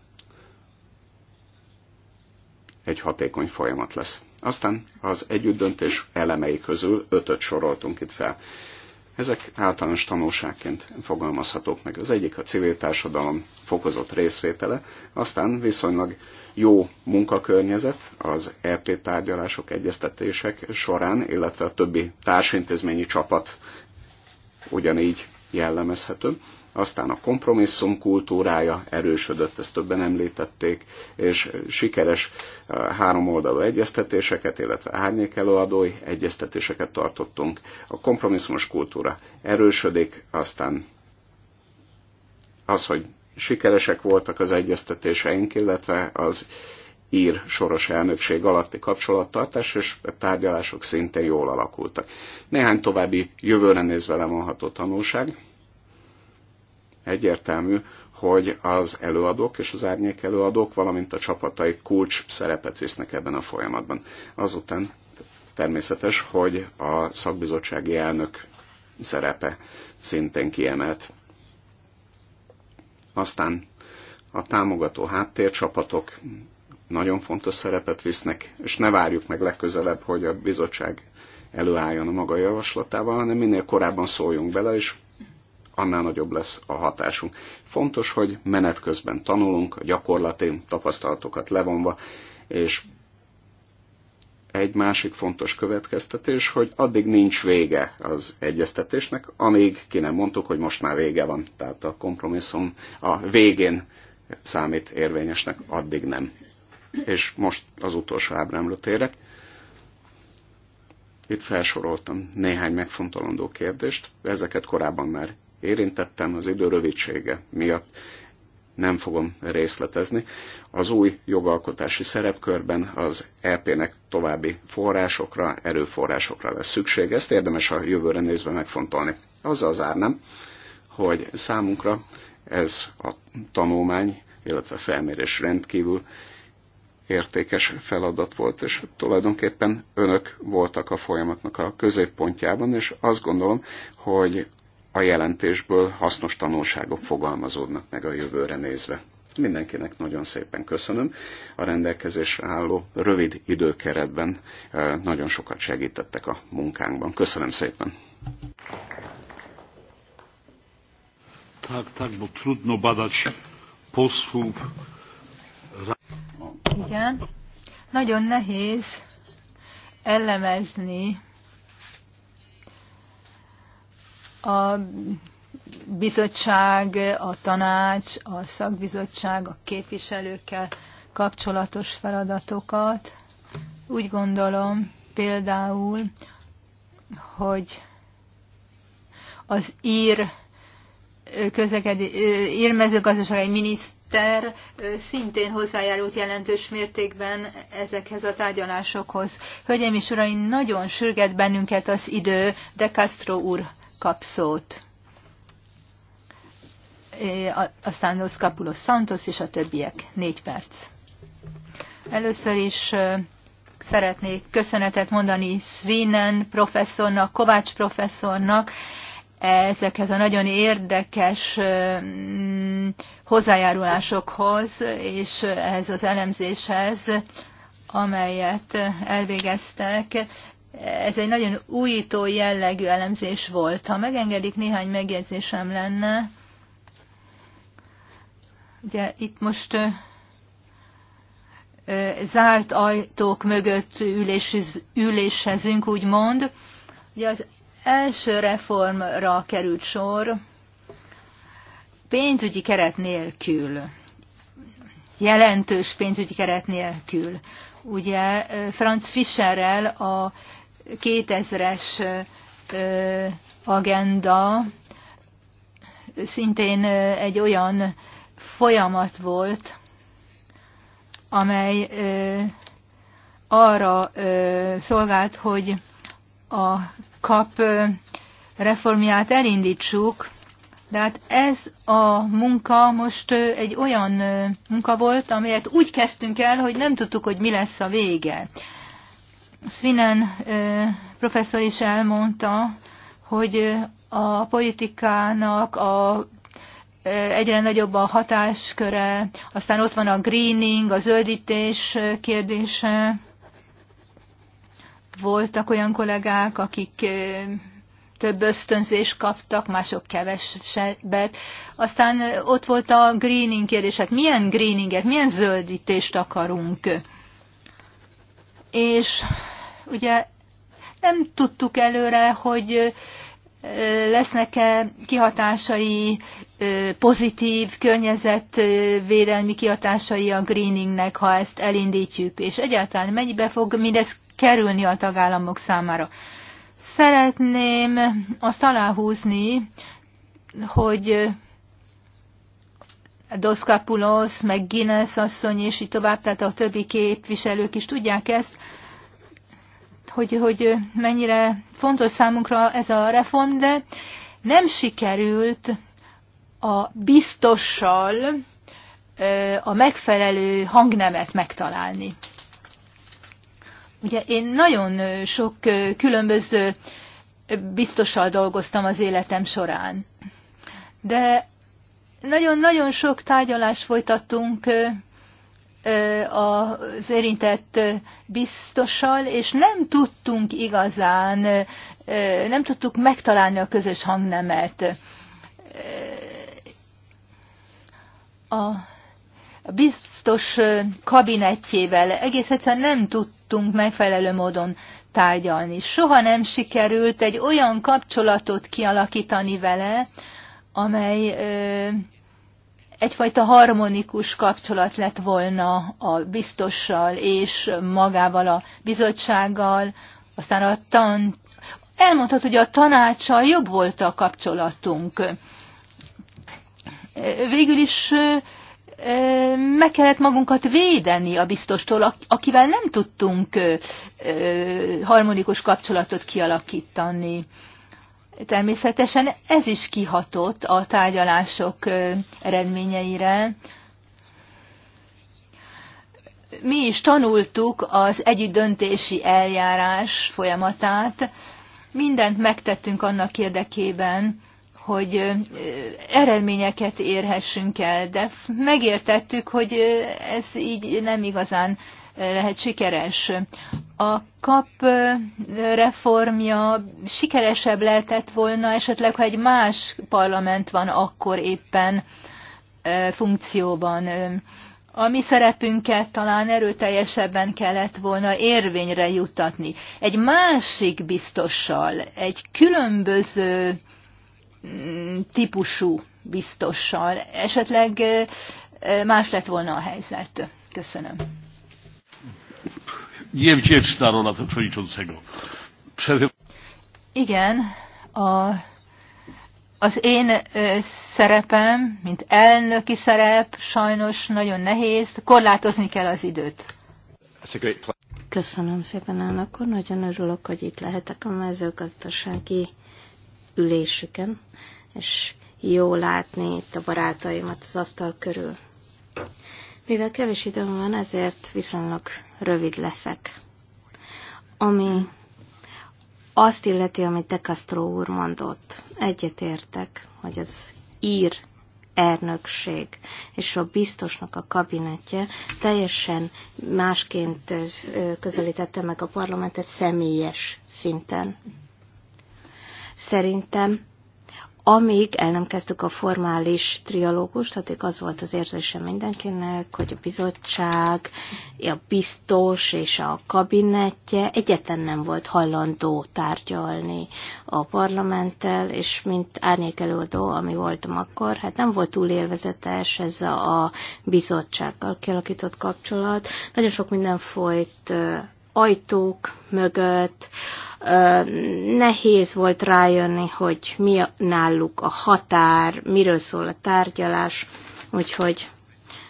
S1: egy hatékony folyamat lesz. Aztán az együttdöntés elemei közül ötöt soroltunk itt fel. Ezek általános tanulságként fogalmazhatók meg. Az egyik a civil társadalom fokozott részvétele, aztán viszonylag jó munkakörnyezet az EP tárgyalások, egyeztetések során, illetve a többi társintézményi csapat ugyanígy jellemezhető. Aztán a kompromisszum kultúrája erősödött, ezt többen említették, és sikeres eh, háromoldalú egyeztetéseket, illetve árnyékelőadói egyeztetéseket tartottunk. A kompromisszumos kultúra erősödik, aztán az, hogy sikeresek voltak az egyeztetéseink, illetve az ír soros elnökség alatti kapcsolattartás és a tárgyalások szintén jól alakultak. Néhány további jövőre nézve lemonható tanulság egyértelmű, hogy az előadók és az árnyék előadók, valamint a csapatai kulcs szerepet visznek ebben a folyamatban. Azután természetes, hogy a szakbizottsági elnök szerepe szintén kiemelt. Aztán a támogató háttércsapatok nagyon fontos szerepet visznek, és ne várjuk meg legközelebb, hogy a bizottság előálljon a maga javaslatával, hanem minél korábban szóljunk bele, és annál nagyobb lesz a hatásunk. Fontos, hogy menet közben tanulunk, gyakorlati tapasztalatokat levonva, és egy másik fontos következtetés, hogy addig nincs vége az egyeztetésnek, amíg ki nem mondtuk, hogy most már vége van. Tehát a kompromisszum a végén számít érvényesnek, addig nem. És most az utolsó ábrámra térek. Itt felsoroltam néhány megfontolandó kérdést, ezeket korábban már érintettem az idő rövidsége miatt nem fogom részletezni. Az új jogalkotási szerepkörben az EP-nek további forrásokra, erőforrásokra lesz szükség. Ezt érdemes a jövőre nézve megfontolni. Azzal zárnám, hogy számunkra ez a tanulmány, illetve felmérés rendkívül értékes feladat volt, és tulajdonképpen önök voltak a folyamatnak a középpontjában, és azt gondolom, hogy a jelentésből hasznos tanulságok fogalmazódnak meg a jövőre nézve. Mindenkinek nagyon szépen köszönöm. A rendelkezésre álló rövid időkeretben eh, nagyon sokat segítettek a munkánkban. Köszönöm szépen. Tak, tak, bo trudno badać posłów.
S2: Igen. Nagyon nehéz elemezni a bizottság, a tanács, a szakbizottság, a képviselőkkel kapcsolatos feladatokat. Úgy gondolom például, hogy az ír, közlekedés, ír mezőgazdasági miniszter szintén hozzájárult jelentős mértékben ezekhez a tárgyalásokhoz. Hölgyeim és uraim, nagyon sürget bennünket az idő, de Castro úr kap szót. Aztán Los Capulos Santos és a többiek. Négy perc. Először is szeretnék köszönetet mondani Svinen professzornak, Kovács professzornak, ezekhez a nagyon érdekes hozzájárulásokhoz és ehhez az elemzéshez, amelyet elvégeztek ez egy nagyon újító jellegű elemzés volt. Ha megengedik, néhány megjegyzésem lenne. Ugye itt most zárt ajtók mögött üléshez, ülésezünk, úgymond. Ugye az első reformra került sor pénzügyi keret nélkül, jelentős pénzügyi keret nélkül. Ugye Franz Fischerrel a 2000-es agenda szintén egy olyan folyamat volt, amely arra szolgált, hogy a kap reformját elindítsuk, de hát ez a munka most egy olyan munka volt, amelyet úgy kezdtünk el, hogy nem tudtuk, hogy mi lesz a vége. Svinen professzor is elmondta, hogy a politikának a egyre nagyobb a hatásköre, aztán ott van a greening, a zöldítés kérdése. Voltak olyan kollégák, akik több ösztönzést kaptak, mások kevesebbet. Aztán ott volt a greening kérdés, hát milyen greeninget, milyen zöldítést akarunk. És Ugye nem tudtuk előre, hogy lesznek-e kihatásai, pozitív környezetvédelmi kihatásai a greeningnek, ha ezt elindítjuk, és egyáltalán mennyibe fog mindez kerülni a tagállamok számára. Szeretném azt aláhúzni, hogy Doszkapulosz, meg Guinness asszony, és így tovább, tehát a többi képviselők is tudják ezt, hogy, hogy mennyire fontos számunkra ez a reform, de nem sikerült a biztossal a megfelelő hangnemet megtalálni. Ugye én nagyon sok különböző biztossal dolgoztam az életem során, de nagyon-nagyon sok tárgyalást folytattunk az érintett biztossal, és nem tudtunk igazán, nem tudtuk megtalálni a közös hangnemet. A biztos kabinetjével egész egyszerűen nem tudtunk megfelelő módon tárgyalni. Soha nem sikerült egy olyan kapcsolatot kialakítani vele, amely egyfajta harmonikus kapcsolat lett volna a biztossal és magával a bizottsággal, aztán a tan... Elmondhat, hogy a tanácssal jobb volt a kapcsolatunk. Végül is meg kellett magunkat védeni a biztostól, akivel nem tudtunk harmonikus kapcsolatot kialakítani. Természetesen ez is kihatott a tárgyalások eredményeire. Mi is tanultuk az döntési eljárás folyamatát. Mindent megtettünk annak érdekében, hogy eredményeket érhessünk el, de megértettük, hogy ez így nem igazán lehet sikeres a kap reformja sikeresebb lehetett volna, esetleg ha egy más parlament van akkor éppen funkcióban. A mi szerepünket talán erőteljesebben kellett volna érvényre juttatni. Egy másik biztossal, egy különböző mm, típusú biztossal, esetleg más lett volna a helyzet. Köszönöm rola przewodniczącego. Igen, a, az én ö, e, szerepem, mint elnöki szerep, sajnos nagyon nehéz, korlátozni kell az időt. Köszönöm szépen, elnök úr. Nagyon
S3: örülök, hogy itt lehetek a mezőgazdasági ülésüken, és jó látni itt a barátaimat az asztal körül. Mivel kevés időm van, ezért viszonylag rövid leszek. Ami azt illeti, amit De Castro úr mondott, egyetértek, hogy az ír ernökség és a biztosnak a kabinetje teljesen másként közelítette meg a parlamentet személyes szinten. Szerintem amíg el nem kezdtük a formális trialógust, addig az volt az érzése mindenkinek, hogy a bizottság, a biztos és a kabinetje egyetlen nem volt hajlandó tárgyalni a parlamenttel, és mint árnyékelődő, ami voltam akkor, hát nem volt túl élvezetes ez a bizottsággal kialakított kapcsolat. Nagyon sok minden folyt ajtók mögött, nehéz volt rájönni, hogy mi náluk a határ, miről szól a tárgyalás, úgyhogy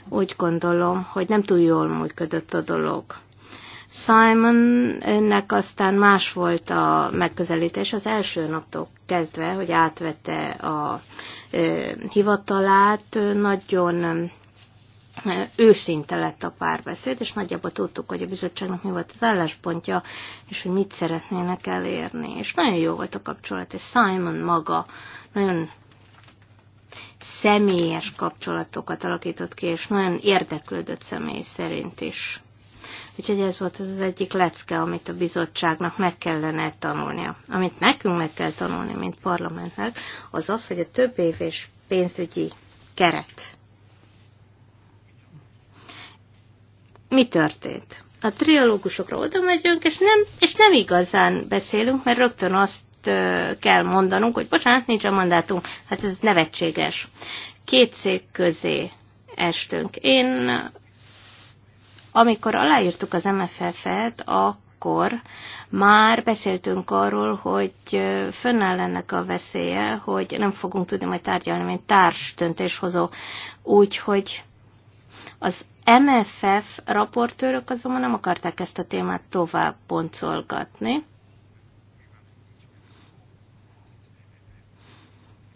S3: úgy gondolom, hogy nem túl jól működött a dolog. Simonnek aztán más volt a megközelítés az első naptól kezdve, hogy átvette a hivatalát, nagyon őszinte lett a párbeszéd, és nagyjából tudtuk, hogy a bizottságnak mi volt az álláspontja, és hogy mit szeretnének elérni. És nagyon jó volt a kapcsolat, és Simon maga nagyon személyes kapcsolatokat alakított ki, és nagyon érdeklődött személy szerint is. Úgyhogy ez volt az, egyik lecke, amit a bizottságnak meg kellene tanulnia. Amit nekünk meg kell tanulni, mint parlamentnek, az az, hogy a több és pénzügyi keret mi történt? A triológusokra oda megyünk, és nem, és nem igazán beszélünk, mert rögtön azt kell mondanunk, hogy bocsánat, nincs a mandátum. Hát ez nevetséges. Két szék közé estünk. Én, amikor aláírtuk az MFF-et, akkor már beszéltünk arról, hogy fönnáll ennek a veszélye, hogy nem fogunk tudni majd tárgyalni, mint társ döntéshozó. Úgyhogy az MFF raportőrök azonban nem akarták ezt a témát tovább boncolgatni.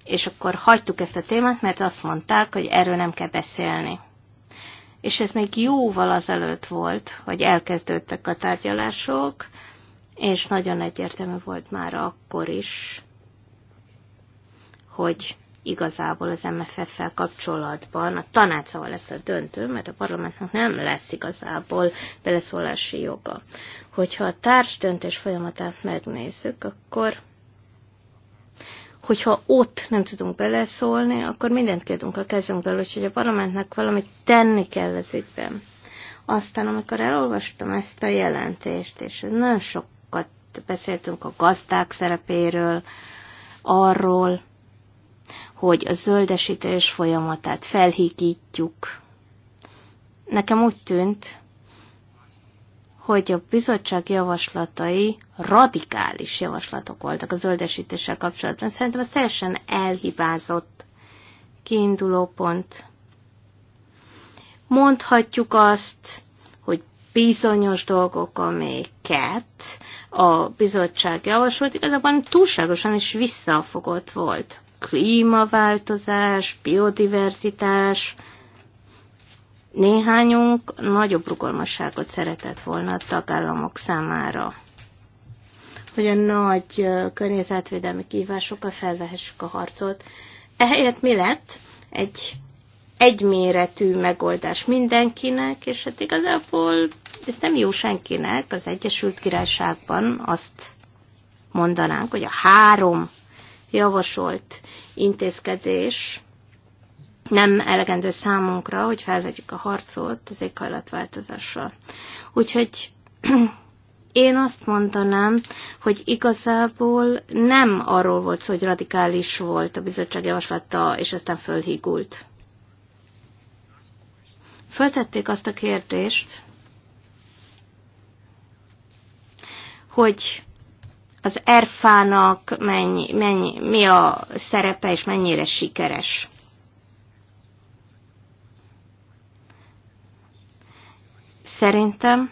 S3: És akkor hagytuk ezt a témát, mert azt mondták, hogy erről nem kell beszélni. És ez még jóval azelőtt volt, hogy elkezdődtek a tárgyalások, és nagyon egyértelmű volt már akkor is, hogy igazából az MFF-fel kapcsolatban a tanácsával lesz a döntő, mert a parlamentnek nem lesz igazából beleszólási joga. Hogyha a társ döntés folyamatát megnézzük, akkor hogyha ott nem tudunk beleszólni, akkor mindent kérdünk a kezünkből, úgyhogy a parlamentnek valamit tenni kell az ügyben. Aztán, amikor elolvastam ezt a jelentést, és nagyon sokat beszéltünk a gazdák szerepéről, arról, hogy a zöldesítés folyamatát felhigítjuk. Nekem úgy tűnt, hogy a bizottság javaslatai radikális javaslatok voltak a zöldesítéssel kapcsolatban. Szerintem ez teljesen elhibázott kiinduló pont. Mondhatjuk azt, hogy bizonyos dolgok, amiket a bizottság javasolt, igazából túlságosan is visszafogott volt klímaváltozás, biodiverzitás, néhányunk nagyobb rugalmasságot szeretett volna a tagállamok számára, hogy a nagy környezetvédelmi kívásokkal felvehessük a harcot. Ehelyett mi lett? Egy egyméretű megoldás mindenkinek, és hát igazából ez nem jó senkinek. Az Egyesült Királyságban azt mondanánk, hogy a három javasolt intézkedés nem elegendő számunkra, hogy felvegyük a harcot az éghajlatváltozással. Úgyhogy én azt mondanám, hogy igazából nem arról volt szó, hogy radikális volt a bizottság javaslata, és aztán fölhígult. Föltették azt a kérdést, hogy az erfának mennyi, mennyi, mi a szerepe és mennyire sikeres. Szerintem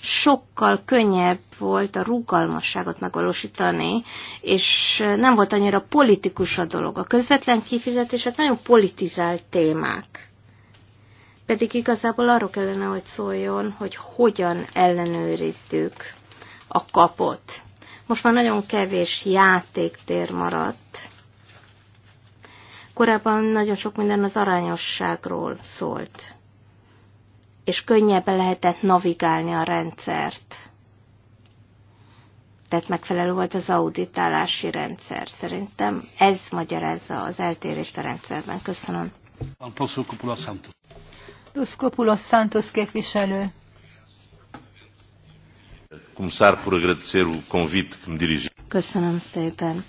S3: sokkal könnyebb volt a rugalmasságot megvalósítani, és nem volt annyira politikus a dolog. A közvetlen kifizetések nagyon politizált témák. Pedig igazából arról kellene, hogy szóljon, hogy hogyan ellenőriztük a kapot. Most már nagyon kevés játéktér maradt. Korábban nagyon sok minden az arányosságról szólt, és könnyebben lehetett navigálni a rendszert. Tehát megfelelő volt az auditálási rendszer. Szerintem ez magyarázza
S2: az eltérést a rendszerben. Köszönöm. Dos Copulos Santos képviselő
S1: começar por agradecer o convite que me
S3: Köszönöm szépen,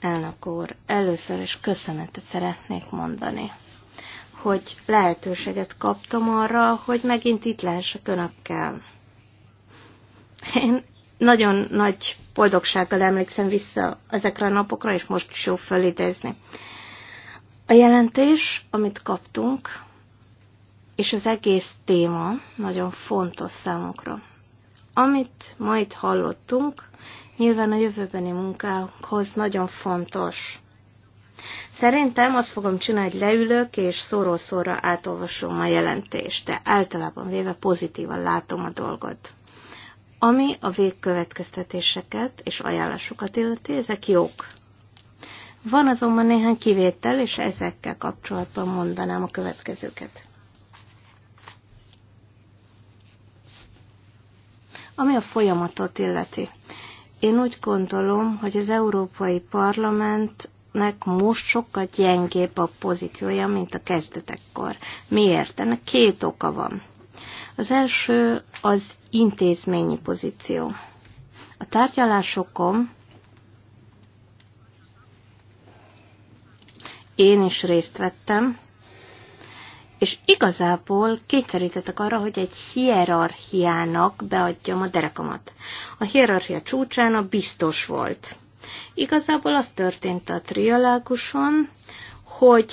S3: elnök úr. Először is köszönetet szeretnék mondani, hogy lehetőséget kaptam arra, hogy megint itt lehessek önökkel. Én nagyon nagy boldogsággal emlékszem vissza ezekre a napokra, és most is jó fölidézni. A jelentés, amit kaptunk, és az egész téma nagyon fontos számunkra. Amit majd hallottunk, nyilván a jövőbeni munkához nagyon fontos. Szerintem azt fogom csinálni, hogy leülök, és szóról szóra átolvasom a jelentést, de általában véve pozitívan látom a dolgot. Ami a végkövetkeztetéseket és ajánlásokat illeti, ezek jók. Van azonban néhány kivétel, és ezekkel kapcsolatban mondanám a következőket. ami a folyamatot illeti. Én úgy gondolom, hogy az Európai Parlamentnek most sokkal gyengébb a pozíciója, mint a kezdetekkor. Miért? Ennek két oka van. Az első az intézményi pozíció. A tárgyalásokon én is részt vettem, és igazából kényszerítettek arra, hogy egy hierarchiának beadjam a derekamat. A hierarchia csúcsán a biztos volt. Igazából az történt a trialáguson, hogy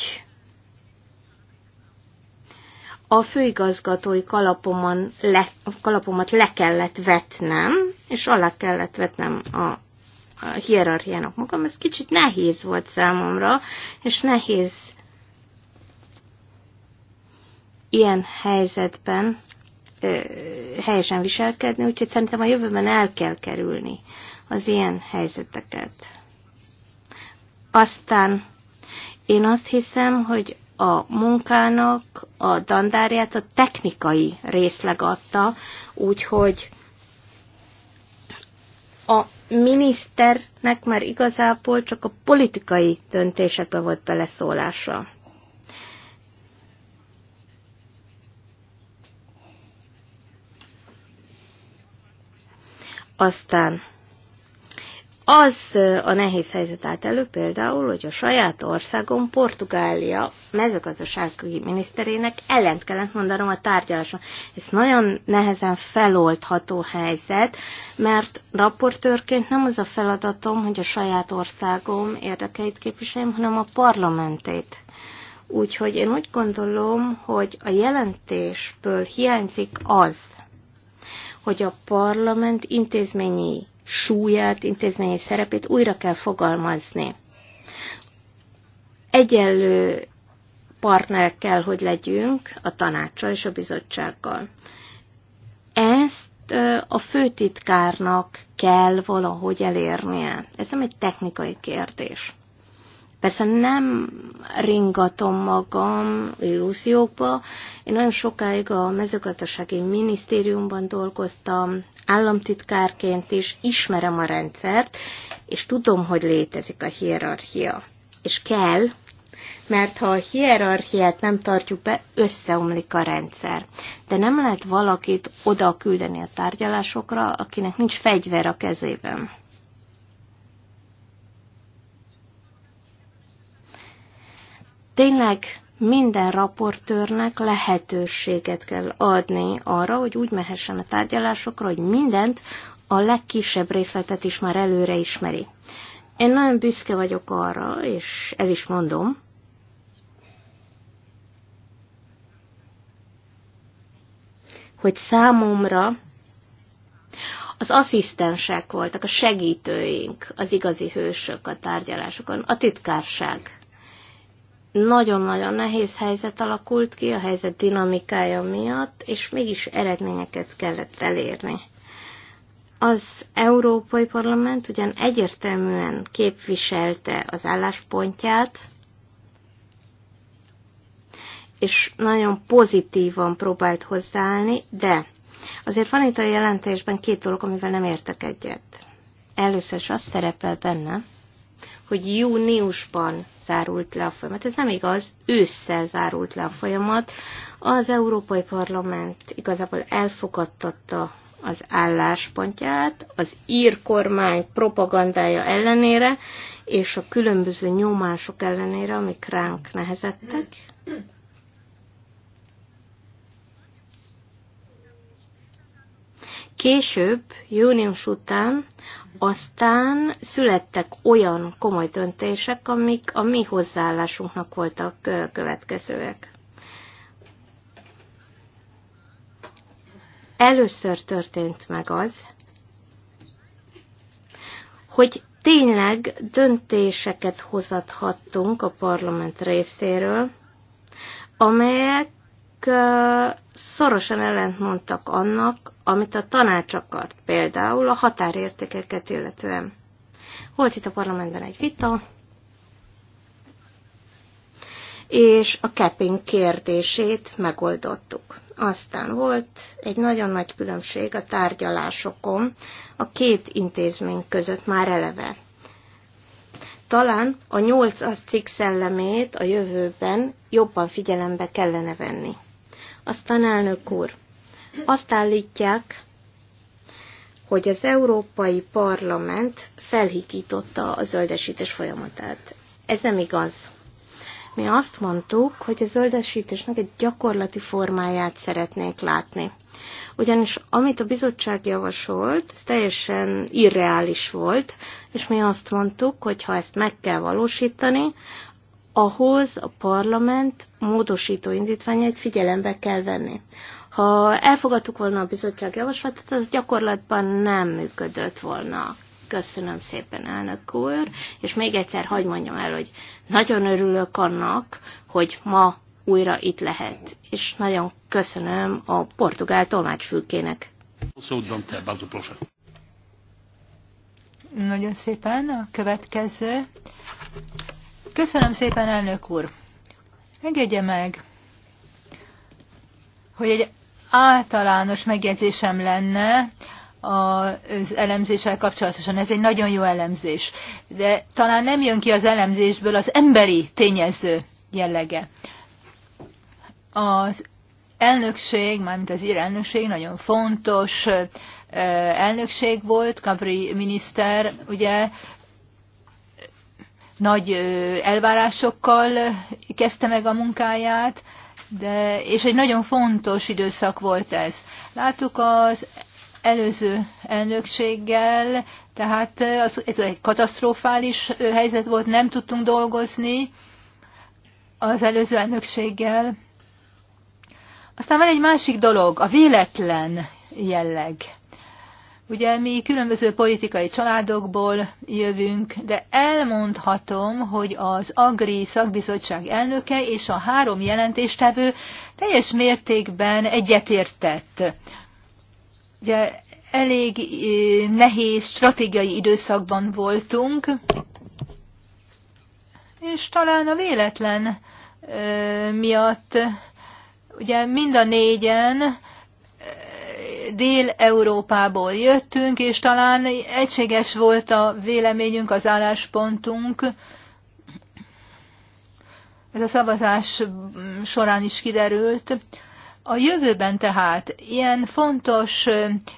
S3: a főigazgatói kalapomon le, kalapomat le kellett vetnem, és alá kellett vetnem a a hierarchiának magam, ez kicsit nehéz volt számomra, és nehéz ilyen helyzetben ö, helyesen viselkedni, úgyhogy szerintem a jövőben el kell kerülni az ilyen helyzeteket. Aztán én azt hiszem, hogy a munkának a dandárját a technikai részleg adta, úgyhogy a miniszternek már igazából csak a politikai döntésekbe volt beleszólása. Aztán az a nehéz helyzet állt elő például, hogy a saját országom, Portugália mezőgazdasági miniszterének ellent kellett mondanom a tárgyaláson. Ez nagyon nehezen feloldható helyzet, mert raportőrként nem az a feladatom, hogy a saját országom érdekeit képviseljem, hanem a parlamentét. Úgyhogy én úgy gondolom, hogy a jelentésből hiányzik az, hogy a parlament intézményi súlyát, intézményi szerepét újra kell fogalmazni. Egyenlő partnerek kell, hogy legyünk a tanácsal és a bizottsággal. Ezt a főtitkárnak kell valahogy elérnie. Ez nem egy technikai kérdés. Persze nem ringatom magam illúziókba. Én nagyon sokáig a mezőgazdasági minisztériumban dolgoztam, államtitkárként is, ismerem a rendszert, és tudom, hogy létezik a hierarchia. És kell, mert ha a hierarchiát nem tartjuk be, összeomlik a rendszer. De nem lehet valakit oda küldeni a tárgyalásokra, akinek nincs fegyver a kezében. Tényleg minden raportőrnek lehetőséget kell adni arra, hogy úgy mehessen a tárgyalásokra, hogy mindent a legkisebb részletet is már előre ismeri. Én nagyon büszke vagyok arra, és el is mondom, hogy számomra az asszisztensek voltak, a segítőink, az igazi hősök a tárgyalásokon, a titkárság nagyon-nagyon nehéz helyzet alakult ki a helyzet dinamikája miatt, és mégis eredményeket kellett elérni. Az Európai Parlament ugyan egyértelműen képviselte az álláspontját, és nagyon pozitívan próbált hozzáállni, de azért van itt a jelentésben két dolog, amivel nem értek egyet. Először is az szerepel benne, hogy júniusban zárult le a folyamat. Ez nem igaz, ősszel zárult le a folyamat. Az Európai Parlament igazából elfogadtatta az álláspontját az ír kormány propagandája ellenére, és a különböző nyomások ellenére, amik ránk nehezettek. Később, június után aztán születtek olyan komoly döntések, amik a mi hozzáállásunknak voltak következőek. Először történt meg az, hogy tényleg döntéseket hozathattunk a parlament részéről, amelyek szorosan ellentmondtak annak, amit a tanács akart, például a határértékeket illetően. Volt itt a parlamentben egy vita, és a capping kérdését megoldottuk. Aztán volt egy nagyon nagy különbség a tárgyalásokon a két intézmény között már eleve. Talán a nyolc cikk szellemét a jövőben jobban figyelembe kellene venni. Aztán elnök úr, azt állítják, hogy az Európai Parlament felhikította a zöldesítés folyamatát. Ez nem igaz. Mi azt mondtuk, hogy a zöldesítésnek egy gyakorlati formáját szeretnék látni. Ugyanis amit a bizottság javasolt, ez teljesen irreális volt, és mi azt mondtuk, hogy ha ezt meg kell valósítani, ahhoz a parlament módosító indítványait figyelembe kell venni. Ha elfogadtuk volna a bizottság javaslatát, az gyakorlatban nem működött volna. Köszönöm szépen, elnök úr, és még egyszer hagyd mondjam el, hogy nagyon örülök annak, hogy ma újra itt lehet, és nagyon köszönöm a
S2: portugál tolmácsfülkének. Nagyon szépen a következő. Köszönöm szépen, elnök úr. Engedje meg, hogy egy általános megjegyzésem lenne az elemzéssel kapcsolatosan. Ez egy nagyon jó elemzés, de talán nem jön ki az elemzésből az emberi tényező jellege. Az elnökség, mármint az ír elnökség nagyon fontos eh, elnökség volt, Kabri miniszter ugye nagy elvárásokkal kezdte meg a munkáját, de, és egy nagyon fontos időszak volt ez. Láttuk az előző elnökséggel, tehát az, ez egy katasztrofális helyzet volt, nem tudtunk dolgozni az előző elnökséggel. Aztán van egy másik dolog, a véletlen jelleg. Ugye mi különböző politikai családokból jövünk, de elmondhatom, hogy az Agri szakbizottság elnöke és a három jelentéstevő teljes mértékben egyetértett. Ugye elég eh, nehéz stratégiai időszakban voltunk, és talán a véletlen eh, miatt ugye mind a négyen Dél-Európából jöttünk, és talán egységes volt a véleményünk, az álláspontunk. Ez a szavazás során is kiderült. A jövőben tehát ilyen fontos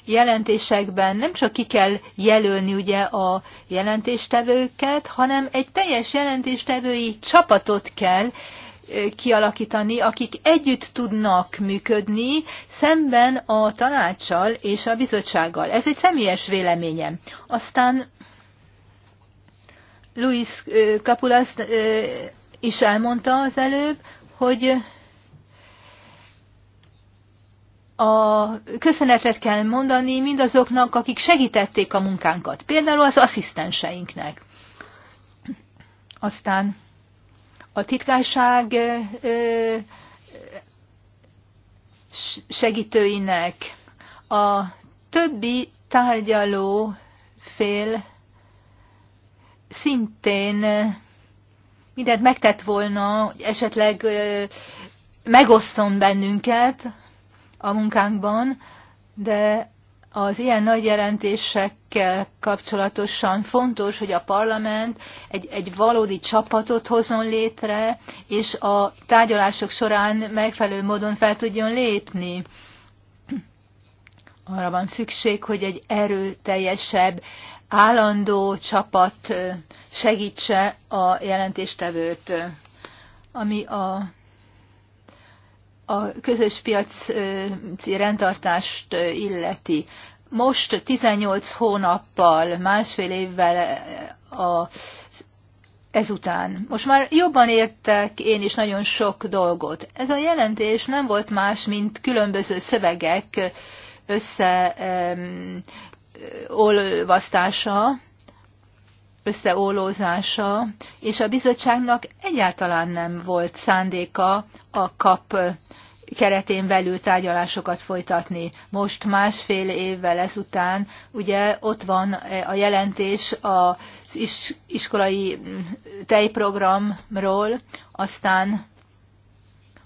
S2: jelentésekben nem csak ki kell jelölni ugye a jelentéstevőket, hanem egy teljes jelentéstevői csapatot kell kialakítani, akik együtt tudnak működni szemben a tanácssal és a bizottsággal. Ez egy személyes véleményem. Aztán Luis Capulas is elmondta az előbb, hogy a köszönetet kell mondani mindazoknak, akik segítették a munkánkat, például az asszisztenseinknek. Aztán a titkárság segítőinek a többi tárgyaló fél szintén mindent megtett volna, hogy esetleg megosszon bennünket a munkánkban, de az ilyen nagy jelentésekkel kapcsolatosan fontos, hogy a parlament egy, egy valódi csapatot hozzon létre, és a tárgyalások során megfelelő módon fel tudjon lépni. Arra van szükség, hogy egy erőteljesebb, állandó csapat segítse a jelentéstevőt, ami a a közös piaci rendtartást illeti. Most 18 hónappal, másfél évvel a, ezután. Most már jobban értek én is nagyon sok dolgot. Ez a jelentés nem volt más, mint különböző szövegek összeolvasztása, összeólózása, és a bizottságnak egyáltalán nem volt szándéka a kap keretén belül tárgyalásokat folytatni. Most másfél évvel ezután ugye ott van a jelentés az iskolai tejprogramról, aztán,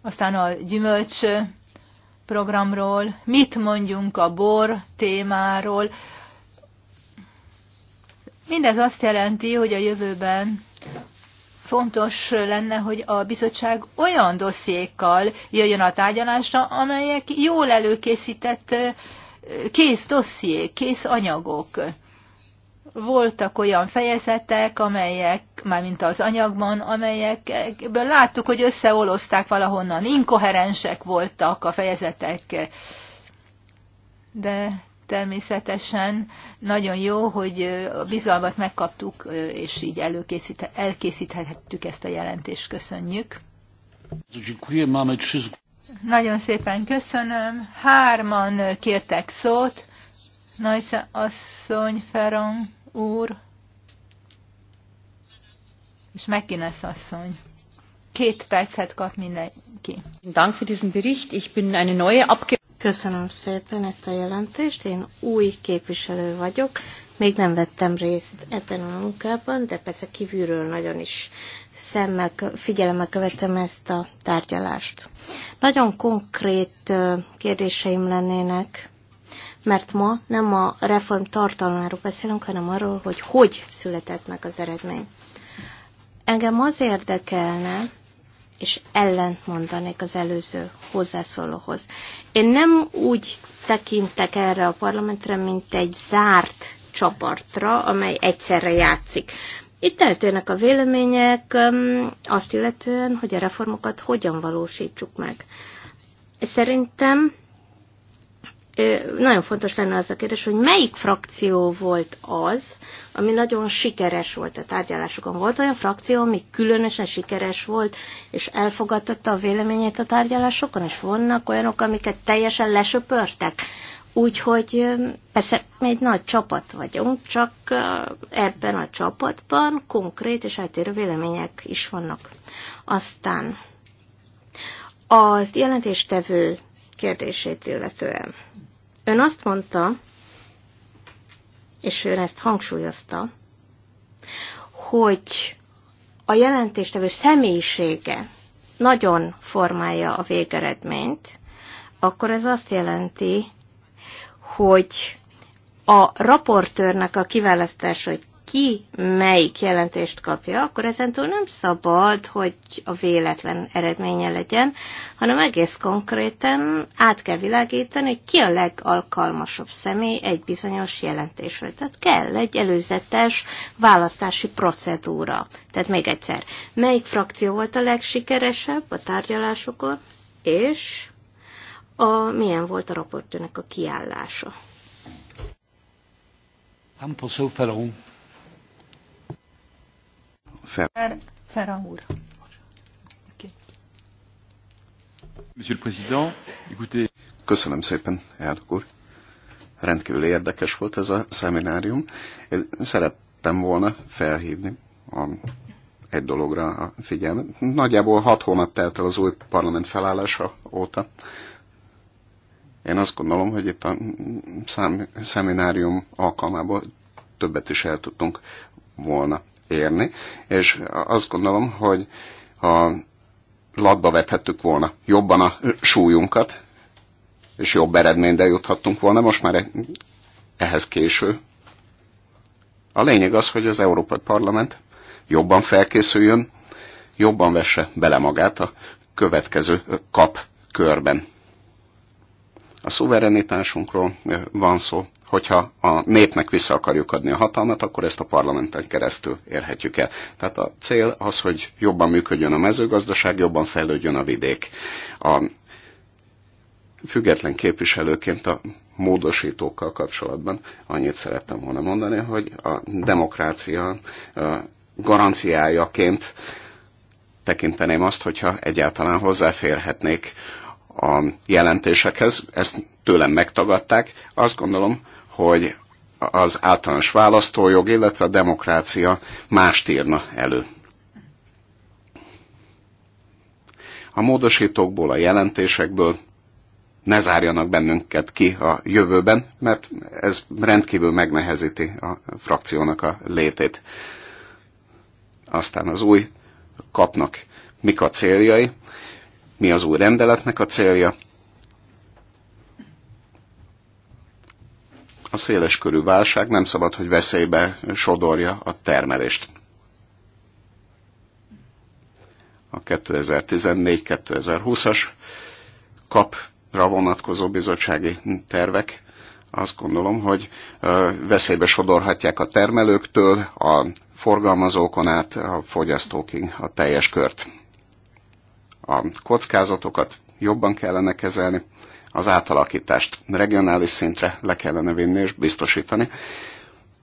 S2: aztán a gyümölcs programról, mit mondjunk a bor témáról, Mindez azt jelenti, hogy a jövőben fontos lenne, hogy a bizottság olyan dossziékkal jöjjön a tárgyalásra, amelyek jól előkészített kész dossziék, kész anyagok. Voltak olyan fejezetek, amelyek, már mint az anyagban, amelyekből láttuk, hogy összeolozták valahonnan, inkoherensek voltak a fejezetek. De természetesen nagyon jó, hogy a bizalmat megkaptuk, és így elkészíthettük ezt a jelentést. Köszönjük. Nagyon szépen köszönöm. Hárman kértek szót. Nagysa asszony, Ferong úr, és Mekines asszony. Két percet kap mindenki. Dank für diesen Bericht. Ich bin eine neue Abgeordnete.
S3: Köszönöm szépen ezt a jelentést. Én új képviselő vagyok. Még nem vettem részt ebben a munkában, de persze kívülről nagyon is szemmel, figyelemmel követem ezt a tárgyalást. Nagyon konkrét kérdéseim lennének, mert ma nem a reform tartalmáról beszélünk, hanem arról, hogy hogy született meg az eredmény. Engem az érdekelne, és ellent mondanék az előző hozzászólóhoz. Én nem úgy tekintek erre a parlamentre, mint egy zárt csapartra, amely egyszerre játszik. Itt eltérnek a vélemények azt illetően, hogy a reformokat hogyan valósítsuk meg. Szerintem nagyon fontos lenne az a kérdés, hogy melyik frakció volt az, ami nagyon sikeres volt a tárgyalásokon. Volt olyan frakció, ami különösen sikeres volt, és elfogadtatta a véleményét a tárgyalásokon, és vannak olyanok, amiket teljesen lesöpörtek. Úgyhogy persze mi egy nagy csapat vagyunk, csak ebben a csapatban konkrét és eltérő vélemények is vannak. Aztán az jelentéstevő kérdését illetően. Ön azt mondta, és ő ezt hangsúlyozta, hogy a jelentéstevő személyisége nagyon formálja a végeredményt, akkor ez azt jelenti, hogy a raportőrnek a kiválasztása, hogy ki melyik jelentést kapja, akkor ezentúl nem szabad, hogy a véletlen eredménye legyen, hanem egész konkrétan át kell világítani, hogy ki a legalkalmasabb személy egy bizonyos jelentésre. Tehát kell egy előzetes választási procedúra. Tehát még egyszer, melyik frakció volt a legsikeresebb a tárgyalásokon, és a, milyen volt a raportőnek a kiállása.
S2: Pan poseł Ferron. Fer... Fer... Ferran
S1: Monsieur le Président, écoutez... Köszönöm szépen, elnök úr. Rendkívül érdekes volt ez a szeminárium. Én szerettem volna felhívni a, egy dologra a figyelmet. Nagyjából hat hónap telt el az új parlament felállása óta. Én azt gondolom, hogy itt a szám, szeminárium alkalmából többet is el tudtunk volna érni, és azt gondolom, hogy ha latba vethettük volna jobban a súlyunkat, és jobb eredményre juthattunk volna, most már ehhez késő. A lényeg az, hogy az Európai Parlament jobban felkészüljön, jobban vesse bele magát a következő kap körben. A szuverenitásunkról van szó, hogyha a népnek vissza akarjuk adni a hatalmat, akkor ezt a parlamenten keresztül érhetjük el. Tehát a cél az, hogy jobban működjön a mezőgazdaság, jobban fejlődjön a vidék. A független képviselőként a módosítókkal kapcsolatban annyit szerettem volna mondani, hogy a demokrácia garanciájaként tekinteném azt, hogyha egyáltalán hozzáférhetnék a jelentésekhez, ezt tőlem megtagadták. Azt gondolom, hogy az általános választójog, illetve a demokrácia mást írna elő. A módosítókból, a jelentésekből ne zárjanak bennünket ki a jövőben, mert ez rendkívül megnehezíti a frakciónak a létét. Aztán az új kapnak mik a céljai, mi az új rendeletnek a célja, A széleskörű válság nem szabad, hogy veszélybe sodorja a termelést. A 2014-2020-as kapra vonatkozó bizottsági tervek azt gondolom, hogy veszélybe sodorhatják a termelőktől, a forgalmazókon át, a fogyasztókig a teljes kört. A kockázatokat jobban kellene kezelni, az átalakítást regionális szintre le kellene vinni és biztosítani.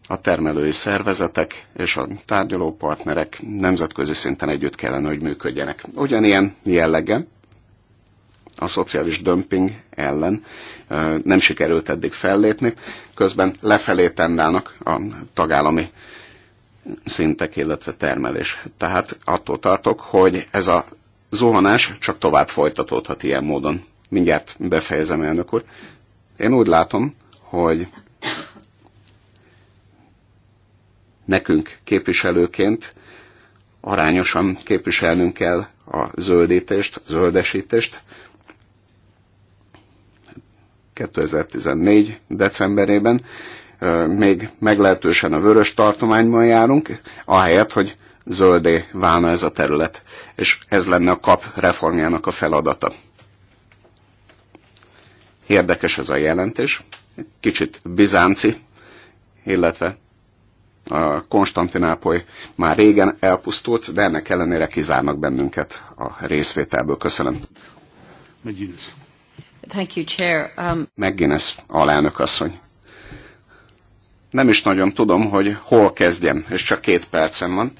S1: A termelői szervezetek és a tárgyaló partnerek nemzetközi szinten együtt kellene, hogy működjenek. Ugyanilyen jellege a szociális dömping ellen nem sikerült eddig fellépni, közben lefelé tendálnak a tagállami szintek, illetve termelés. Tehát attól tartok, hogy ez a zuhanás csak tovább folytatódhat ilyen módon. Mindjárt befejezem, elnök úr. Én úgy látom, hogy nekünk képviselőként arányosan képviselnünk kell a zöldítést, zöldesítést. 2014. decemberében még meglehetősen a vörös tartományban járunk, ahelyett, hogy zöldé válna ez a terület, és ez lenne a kap reformjának a feladata. Érdekes ez a jelentés, kicsit bizánci, illetve a Konstantinápoly már régen elpusztult, de ennek ellenére kizárnak bennünket a részvételből. Köszönöm. McGuinness. Thank you, Chair. Um... McGuinness, alelnök asszony. Nem is nagyon tudom, hogy hol kezdjem, és csak két percem van.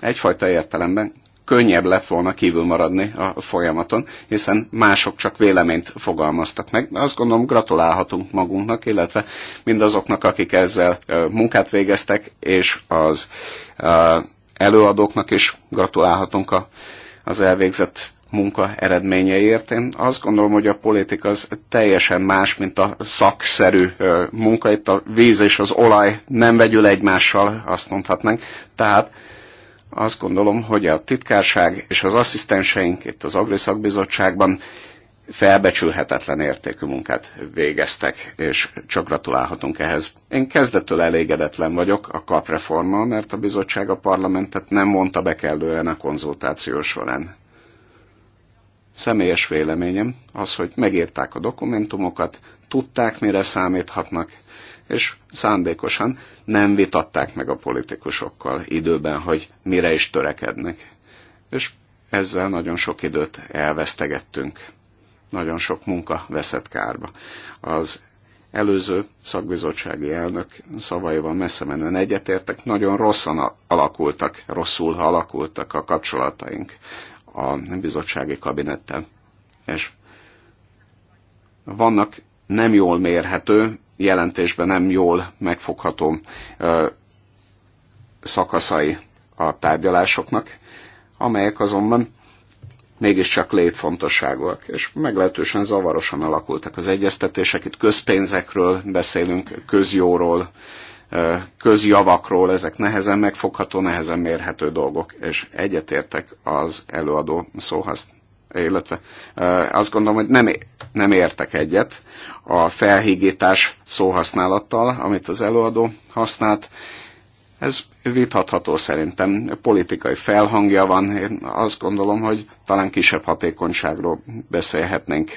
S1: Egyfajta értelemben könnyebb lett volna kívül maradni a folyamaton, hiszen mások csak véleményt fogalmaztak meg. Azt gondolom gratulálhatunk magunknak, illetve mindazoknak, akik ezzel munkát végeztek, és az előadóknak is gratulálhatunk a, az elvégzett munka eredményeiért. Én azt gondolom, hogy a politika az teljesen más, mint a szakszerű munka. Itt a víz és az olaj nem vegyül egymással, azt mondhatnánk. Tehát azt gondolom, hogy a titkárság és az asszisztenseink itt az Szakbizottságban felbecsülhetetlen értékű munkát végeztek, és csak gratulálhatunk ehhez. Én kezdettől elégedetlen vagyok a kapreformmal, mert a bizottság a parlamentet nem mondta be kellően a konzultáció során. Személyes véleményem az, hogy megírták a dokumentumokat, tudták, mire számíthatnak, és szándékosan nem vitatták meg a politikusokkal időben, hogy mire is törekednek. És ezzel nagyon sok időt elvesztegettünk, nagyon sok munka veszett kárba. Az előző szakbizottsági elnök szavaival messze menően egyetértek, nagyon rosszan alakultak, rosszul alakultak a kapcsolataink a bizottsági kabinettel. És vannak nem jól mérhető, jelentésben nem jól megfogható szakaszai a tárgyalásoknak, amelyek azonban mégiscsak létfontosságúak, és meglehetősen zavarosan alakultak az egyeztetések. Itt közpénzekről beszélünk, közjóról, közjavakról, ezek nehezen megfogható, nehezen mérhető dolgok, és egyetértek az előadó szóhasználóval illetve azt gondolom, hogy nem nem értek egyet a felhígítás szóhasználattal, amit az előadó használt. Ez vitatható szerintem, politikai felhangja van, én azt gondolom, hogy talán kisebb hatékonyságról beszélhetnénk.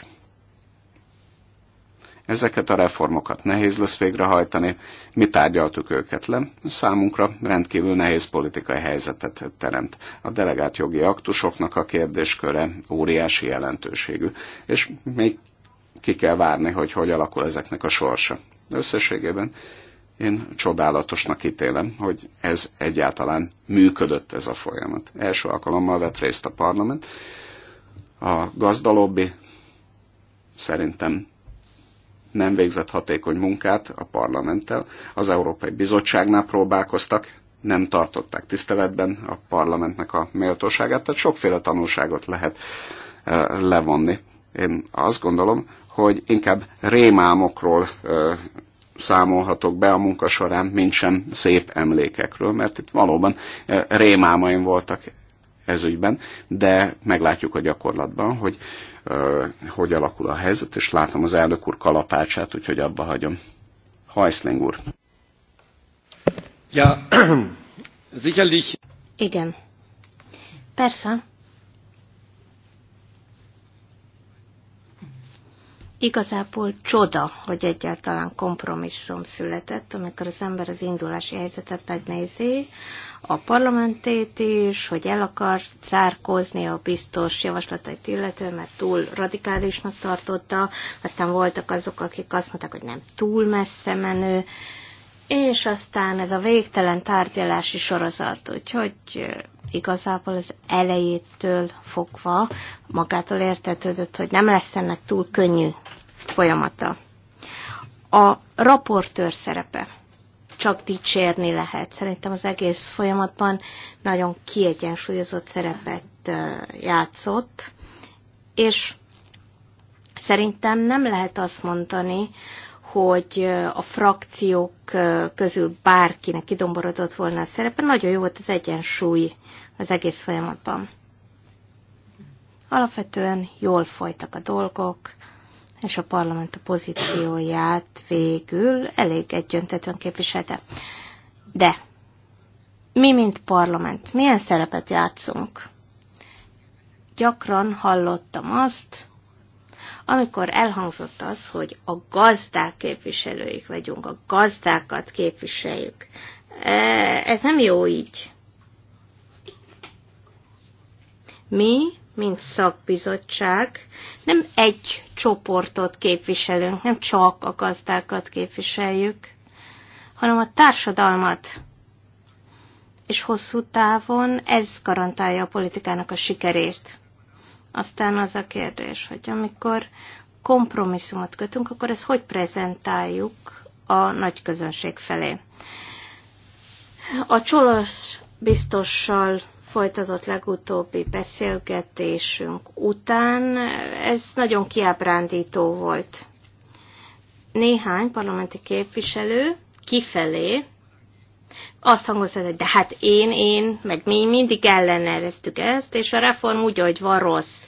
S1: Ezeket a reformokat nehéz lesz végrehajtani. Mi tárgyaltuk őket le. Számunkra rendkívül nehéz politikai helyzetet teremt. A delegált jogi aktusoknak a kérdésköre óriási jelentőségű, és még ki kell várni, hogy hogy alakul ezeknek a sorsa. Összességében én csodálatosnak ítélem, hogy ez egyáltalán működött ez a folyamat. Első alkalommal vett részt a parlament. A gazdalobbi szerintem nem végzett hatékony munkát a parlamenttel, az Európai Bizottságnál próbálkoztak, nem tartották tiszteletben a parlamentnek a méltóságát, tehát sokféle tanulságot lehet eh, levonni. Én azt gondolom, hogy inkább rémálmokról eh, számolhatok be a munka során, mint sem szép emlékekről, mert itt valóban eh, rémálmaim voltak ezügyben, de meglátjuk a gyakorlatban, hogy hogy alakul a helyzet, és látom az elnök úr kalapácsát, úgyhogy abba hagyom. Hajszling úr. Ja,
S3: sicherlich. Igen. Persze. igazából csoda, hogy egyáltalán kompromisszum született, amikor az ember az indulási helyzetet megnézi, a parlamentét is, hogy el akar zárkózni a biztos javaslatait illető, mert túl radikálisnak tartotta, aztán voltak azok, akik azt mondták, hogy nem túl messze menő, és aztán ez a végtelen tárgyalási sorozat, úgyhogy igazából az elejétől fogva magától értetődött, hogy nem lesz ennek túl könnyű folyamata. A raportőr szerepe csak dicsérni lehet. Szerintem az egész folyamatban nagyon kiegyensúlyozott szerepet játszott, és szerintem nem lehet azt mondani, hogy a frakciók közül bárkinek kidomborodott volna a szerepe. Nagyon jó volt az egyensúly az egész folyamatban. Alapvetően jól folytak a dolgok, és a parlament a pozícióját végül elég egyöntetően képviselte. De mi, mint parlament, milyen szerepet játszunk? Gyakran hallottam azt, amikor elhangzott az, hogy a gazdák képviselőik vagyunk, a gazdákat képviseljük. E, ez nem jó így. Mi, mint szakbizottság, nem egy csoportot képviselünk, nem csak a gazdákat képviseljük, hanem a társadalmat. És hosszú távon ez garantálja a politikának a sikerét. Aztán az a kérdés, hogy amikor kompromisszumot kötünk, akkor ezt hogy prezentáljuk a nagy közönség felé. A Csolos biztossal folytatott legutóbbi beszélgetésünk után ez nagyon kiábrándító volt. Néhány parlamenti képviselő kifelé azt hangozhat, hogy de hát én, én, meg mi mindig ellenereztük ezt, és a reform úgy, hogy van rossz.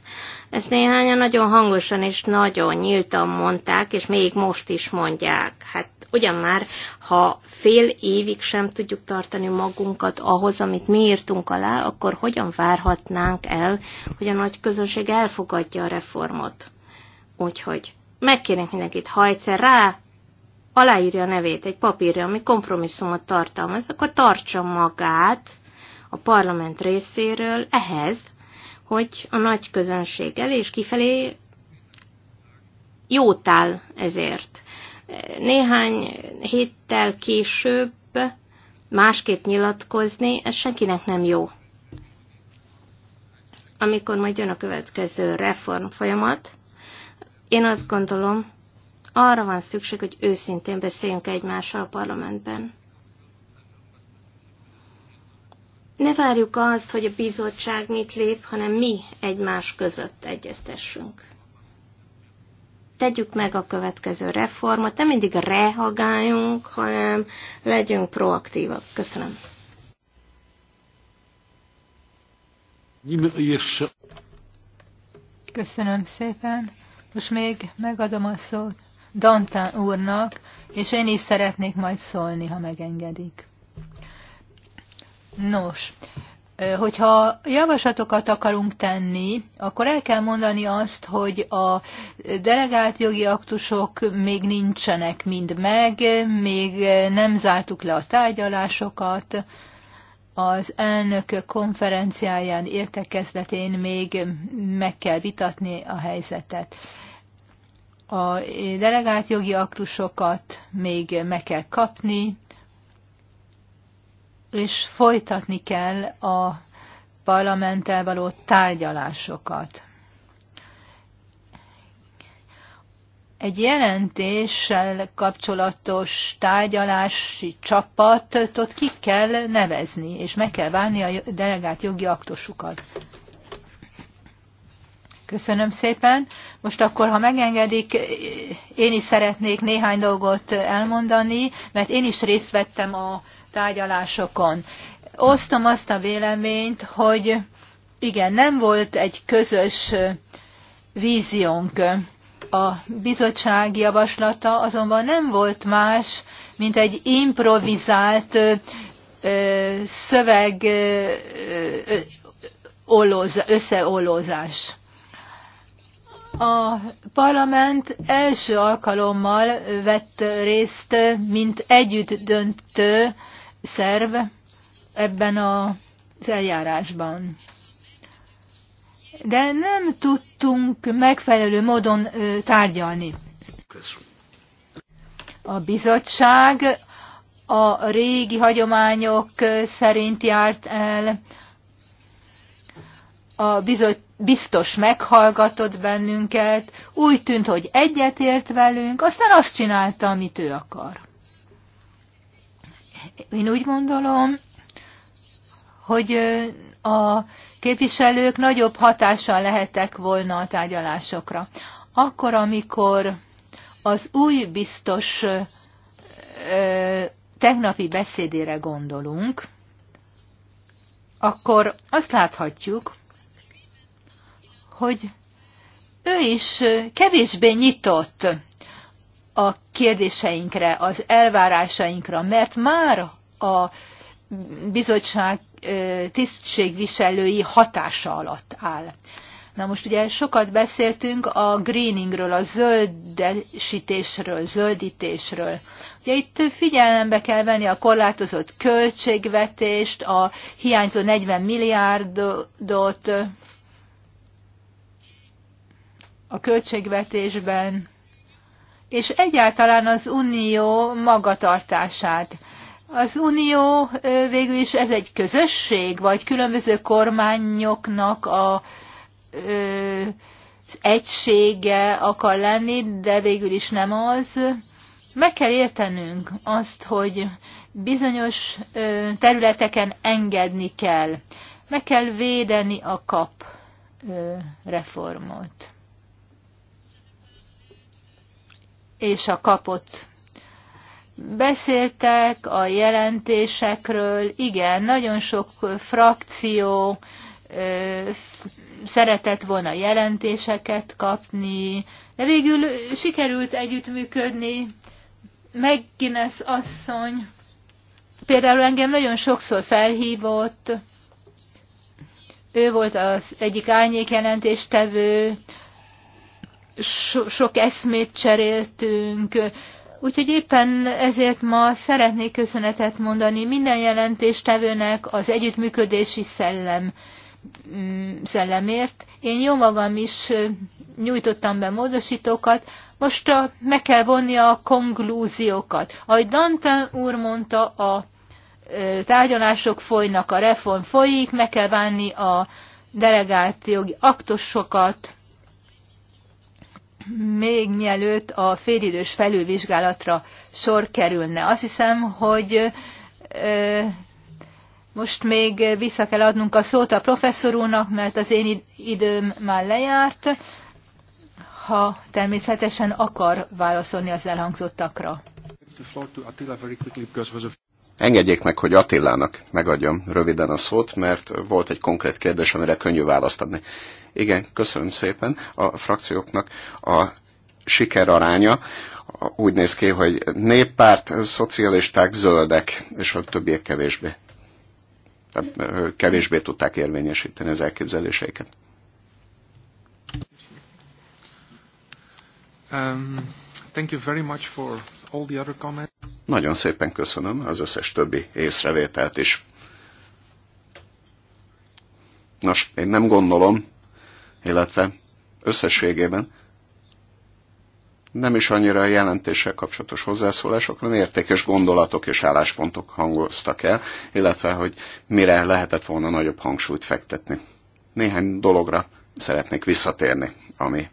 S3: Ezt néhányan nagyon hangosan és nagyon nyíltan mondták, és még most is mondják. Hát ugyan már, ha fél évig sem tudjuk tartani magunkat ahhoz, amit mi írtunk alá, akkor hogyan várhatnánk el, hogy a nagy közönség elfogadja a reformot? Úgyhogy megkérnék mindenkit, ha egyszer rá aláírja a nevét egy papírra, ami kompromisszumot tartalmaz, akkor tartsa magát a parlament részéről ehhez, hogy a nagy közönség elé és kifelé jót áll ezért. Néhány héttel később másképp nyilatkozni, ez senkinek nem jó. Amikor majd jön a következő reform folyamat, én azt gondolom, arra van szükség, hogy őszintén beszéljünk egymással a parlamentben. Ne várjuk azt, hogy a bizottság mit lép, hanem mi egymás között egyeztessünk. Tegyük meg a következő reformot, nem mindig rehagáljunk, hanem
S2: legyünk proaktívak. Köszönöm. Köszönöm szépen. Most még megadom a szót Dantán úrnak, és én is szeretnék majd szólni, ha megengedik. Nos, hogyha javaslatokat akarunk tenni, akkor el kell mondani azt, hogy a delegált jogi aktusok még nincsenek mind meg, még nem zártuk le a tárgyalásokat, az elnök konferenciáján értekezletén még meg kell vitatni a helyzetet. A delegált jogi aktusokat még meg kell kapni, és folytatni kell a parlamenttel való tárgyalásokat. Egy jelentéssel kapcsolatos tárgyalási csapatot ki kell nevezni, és meg kell várni a delegált jogi aktusukat. Köszönöm szépen. Most akkor, ha megengedik, én is szeretnék néhány dolgot elmondani, mert én is részt vettem a tárgyalásokon. Osztom azt a véleményt, hogy igen, nem volt egy közös víziónk. A bizottság javaslata azonban nem volt más, mint egy improvizált szöveg összeollózás a parlament első alkalommal vett részt, mint együtt döntő szerv ebben az eljárásban. De nem tudtunk megfelelő módon tárgyalni. A bizottság a régi hagyományok szerint járt el, a bizot, biztos meghallgatott bennünket, úgy tűnt, hogy egyetért velünk, aztán azt csinálta, amit ő akar. Én úgy gondolom, hogy a képviselők nagyobb hatással lehettek volna a tárgyalásokra. Akkor, amikor az új biztos ö, tegnapi beszédére gondolunk, akkor azt láthatjuk, hogy ő is kevésbé nyitott a kérdéseinkre, az elvárásainkra, mert már a bizottság tisztségviselői hatása alatt áll. Na most ugye sokat beszéltünk a greeningről, a zöldesítésről, zöldítésről. Ugye itt figyelembe kell venni a korlátozott költségvetést, a hiányzó 40 milliárdot, a költségvetésben, és egyáltalán az unió magatartását. Az unió végül is ez egy közösség, vagy különböző kormányoknak a az egysége akar lenni, de végül is nem az. Meg kell értenünk azt, hogy bizonyos területeken engedni kell. Meg kell védeni a kap reformot. és a kapott. Beszéltek a jelentésekről, igen, nagyon sok frakció szeretett volna jelentéseket kapni, de végül sikerült együttműködni. Megginesz asszony például engem nagyon sokszor felhívott, ő volt az egyik árnyék jelentéstevő, so, sok eszmét cseréltünk, úgyhogy éppen ezért ma szeretnék köszönetet mondani minden jelentéstevőnek az együttműködési szellem mm, szellemért. Én jó magam is nyújtottam be módosítókat, most a, meg kell vonni a konklúziókat. Ahogy Dante úr mondta, a tárgyalások folynak, a reform folyik, meg kell válni a delegált jogi aktosokat, még mielőtt a félidős felülvizsgálatra sor kerülne. Azt hiszem, hogy most még vissza kell adnunk a szót a professzorúnak, mert az én időm már lejárt, ha természetesen akar válaszolni az elhangzottakra.
S1: Engedjék meg, hogy Attilának megadjam röviden a szót, mert volt egy konkrét kérdés, amire könnyű választ adni. Igen, köszönöm szépen a frakcióknak a sikeraránya úgy néz ki, hogy néppárt, szocialisták, zöldek, és a többiek kevésbé. Tehát kevésbé tudták érvényesíteni az elképzeléseiket. Um, Nagyon szépen köszönöm az összes többi észrevételt is. Nos, én nem gondolom, illetve összességében nem is annyira a jelentéssel kapcsolatos hozzászólások, hanem értékes gondolatok és álláspontok hangoztak el, illetve hogy mire lehetett volna nagyobb hangsúlyt fektetni. Néhány dologra szeretnék visszatérni, ami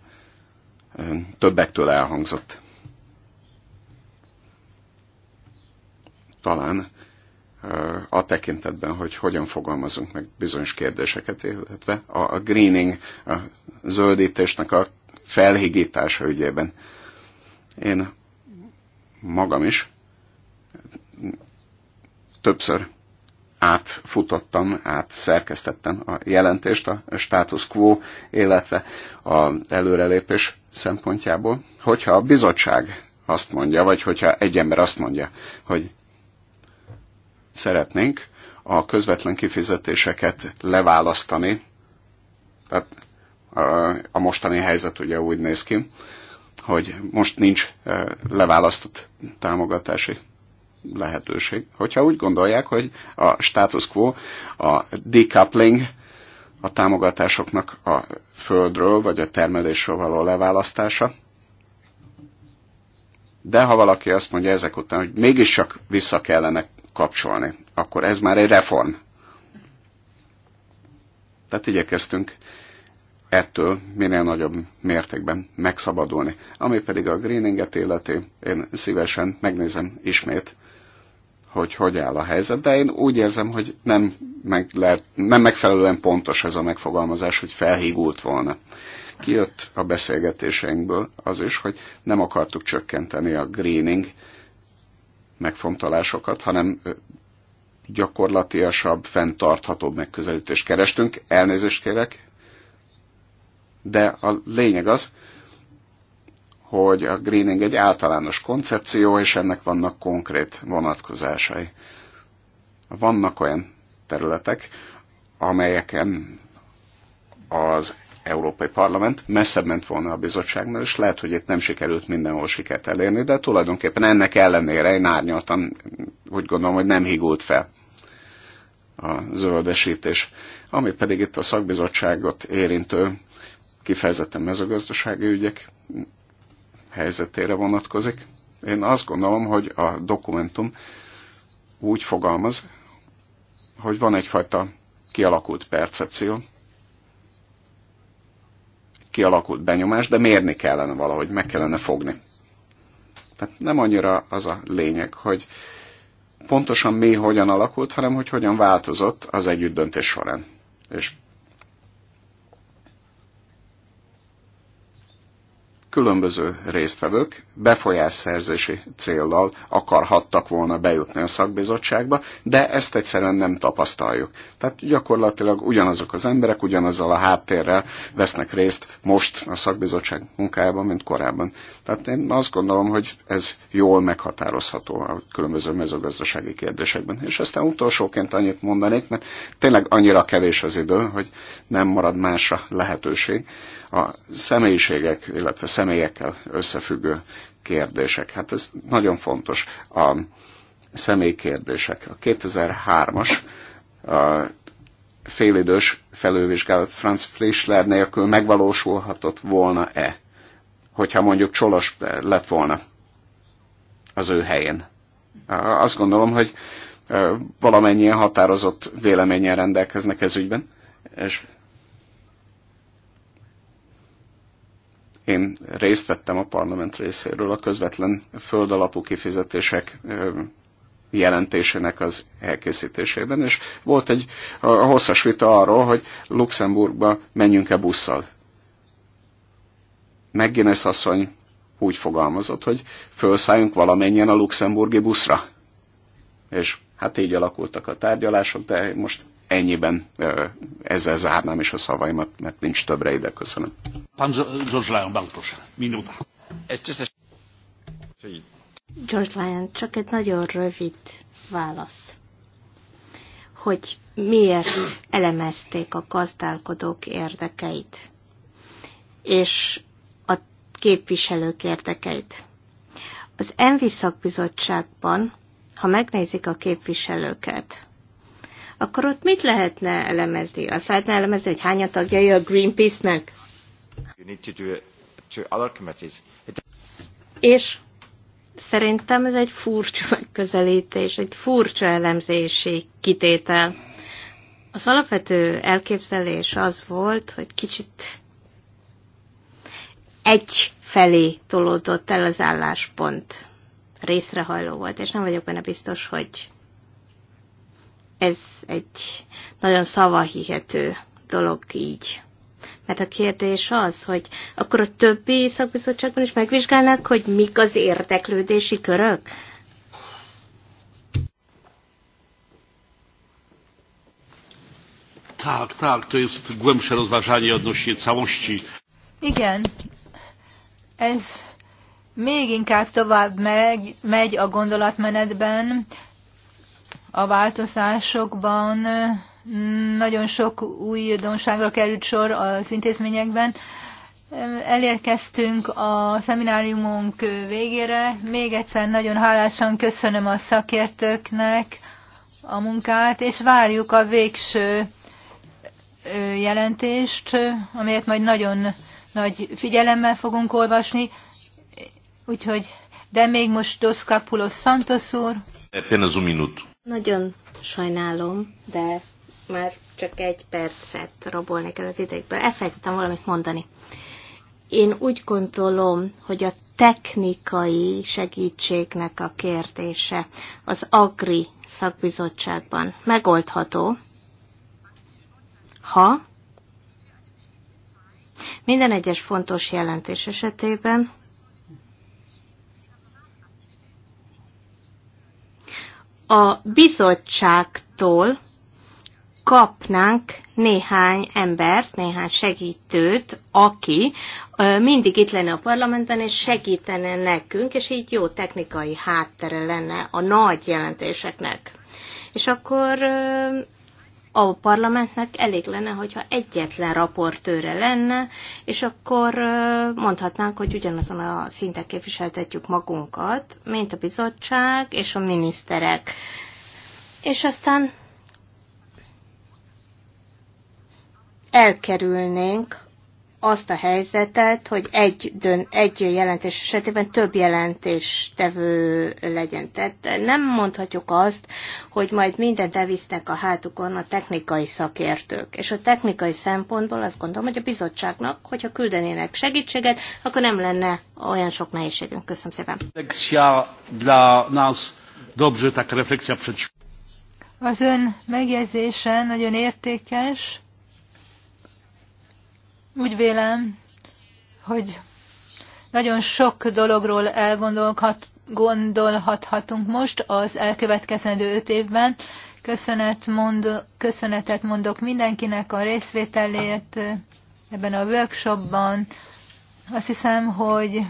S1: többektől elhangzott. Talán a tekintetben, hogy hogyan fogalmazunk meg bizonyos kérdéseket, illetve a greening, a zöldítésnek a felhigítása ügyében. Én magam is többször átfutottam, átszerkesztettem a jelentést a status quo, illetve az előrelépés szempontjából. Hogyha a bizottság azt mondja, vagy hogyha egy ember azt mondja, hogy szeretnénk a közvetlen kifizetéseket leválasztani. Tehát a mostani helyzet ugye úgy néz ki, hogy most nincs leválasztott támogatási lehetőség. Hogyha úgy gondolják, hogy a status quo, a decoupling, a támogatásoknak a földről vagy a termelésről való leválasztása, de ha valaki azt mondja ezek után, hogy mégiscsak vissza kellene kapcsolni, akkor ez már egy reform. Tehát igyekeztünk ettől minél nagyobb mértékben megszabadulni. Ami pedig a greeninget illeti, én szívesen megnézem ismét, hogy hogy áll a helyzet, de én úgy érzem, hogy nem, meg lehet, nem megfelelően pontos ez a megfogalmazás, hogy felhígult volna. Kijött a beszélgetéseinkből az is, hogy nem akartuk csökkenteni a greening megfontolásokat, hanem gyakorlatiasabb, fenntarthatóbb megközelítést kerestünk. Elnézést kérek, de a lényeg az, hogy a greening egy általános koncepció, és ennek vannak konkrét vonatkozásai. Vannak olyan területek, amelyeken az Európai Parlament messzebb ment volna a bizottságnál, és lehet, hogy itt nem sikerült mindenhol sikert elérni, de tulajdonképpen ennek ellenére én árnyaltam, úgy gondolom, hogy nem higult fel a zöldesítés. Ami pedig itt a szakbizottságot érintő, kifejezetten mezőgazdasági ügyek helyzetére vonatkozik. Én azt gondolom, hogy a dokumentum úgy fogalmaz, hogy van egyfajta kialakult percepció, kialakult benyomás, de mérni kellene valahogy, meg kellene fogni. Tehát nem annyira az a lényeg, hogy pontosan mi hogyan alakult, hanem hogy hogyan változott az együtt döntés során. És különböző résztvevők befolyásszerzési céllal akarhattak volna bejutni a szakbizottságba, de ezt egyszerűen nem tapasztaljuk. Tehát gyakorlatilag ugyanazok az emberek ugyanazzal a háttérrel vesznek részt most a szakbizottság munkájában, mint korábban. Tehát én azt gondolom, hogy ez jól meghatározható a különböző mezőgazdasági kérdésekben. És aztán utolsóként annyit mondanék, mert tényleg annyira kevés az idő, hogy nem marad másra lehetőség. A személyiségek, illetve személyekkel összefüggő kérdések. Hát ez nagyon fontos. A személykérdések. A 2003-as félidős felővizsgálat Franz Flischler nélkül megvalósulhatott volna-e, hogyha mondjuk Csolos lett volna az ő helyén. Azt gondolom, hogy valamennyien határozott véleményen rendelkeznek ez ügyben, és Én részt vettem a parlament részéről a közvetlen földalapú kifizetések jelentésének az elkészítésében, és volt egy a, hosszas vita arról, hogy Luxemburgba menjünk-e busszal. Megginesz asszony úgy fogalmazott, hogy felszálljunk valamennyien a luxemburgi buszra. És hát így alakultak a tárgyalások, de most ennyiben ezzel zárnám is a szavaimat, mert nincs többre ide. Köszönöm. Pán George Lyon, minuta.
S3: George Lyon, csak egy nagyon rövid válasz hogy miért elemezték a gazdálkodók érdekeit, és a képviselők érdekeit. Az Envi szakbizottságban, ha megnézik a képviselőket, akkor ott mit lehetne elemezni? Azt lehetne elemezni, hogy hány a tagjai a Greenpeace-nek? És szerintem ez egy furcsa megközelítés, egy furcsa elemzési kitétel. Az alapvető elképzelés az volt, hogy kicsit egy felé tolódott el az álláspont. Részrehajló volt, és nem vagyok benne biztos, hogy ez egy nagyon szavahihető dolog így. Mert a kérdés az, hogy akkor a többi szakbizottságban is megvizsgálnak, hogy mik az érdeklődési körök?
S1: Tak, tak, to jest głębsze rozważanie odnośnie całości.
S2: Igen, ez még inkább tovább megy, megy a gondolatmenetben, a változásokban nagyon sok újdonságra került sor az intézményekben. Elérkeztünk a szemináriumunk végére. Még egyszer nagyon hálásan köszönöm a szakértőknek a munkát, és várjuk a végső jelentést, amelyet majd nagyon nagy figyelemmel fogunk olvasni. Úgyhogy, de még most Doszkapulos Santos úr.
S1: Apenas un um minuto.
S2: Nagyon sajnálom, de már
S3: csak egy percet rabolnék el az idegből. Elfelejtettem valamit mondani. Én úgy gondolom, hogy a technikai segítségnek a kérdése az Agri szakbizottságban megoldható, ha minden egyes fontos jelentés esetében a bizottságtól kapnánk néhány embert, néhány segítőt, aki mindig itt lenne a parlamentben, és segítene nekünk, és így jó technikai háttere lenne a nagy jelentéseknek. És akkor a parlamentnek elég lenne, hogyha egyetlen raportőre lenne, és akkor mondhatnánk, hogy ugyanazon a szinten képviseltetjük magunkat, mint a bizottság és a miniszterek. És aztán elkerülnénk azt a helyzetet, hogy egy, dön, egy jelentés esetében több jelentéstevő legyen. Tehát nem mondhatjuk azt, hogy majd mindent elvisznek a hátukon a technikai szakértők. És a technikai szempontból azt gondolom, hogy a bizottságnak, hogyha küldenének segítséget, akkor nem lenne olyan sok
S2: nehézségünk. Köszönöm
S1: szépen.
S2: Az ön megjegyzése nagyon értékes úgy vélem, hogy nagyon sok dologról elgondolhat, gondolhathatunk most az elkövetkezendő öt évben. Köszönet mond, köszönetet mondok mindenkinek a részvételért ebben a workshopban. Azt hiszem, hogy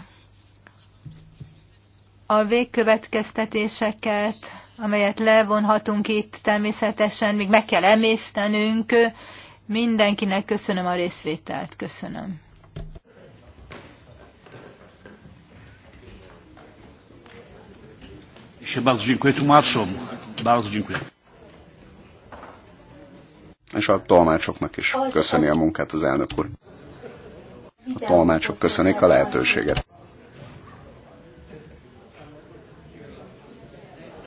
S2: a végkövetkeztetéseket, amelyet levonhatunk itt, természetesen még meg kell emésztenünk, Mindenkinek köszönöm a részvételt, köszönöm.
S1: És a tolmácsoknak is köszöni a munkát az elnök úr.
S2: A tolmácsok köszönik a
S1: lehetőséget.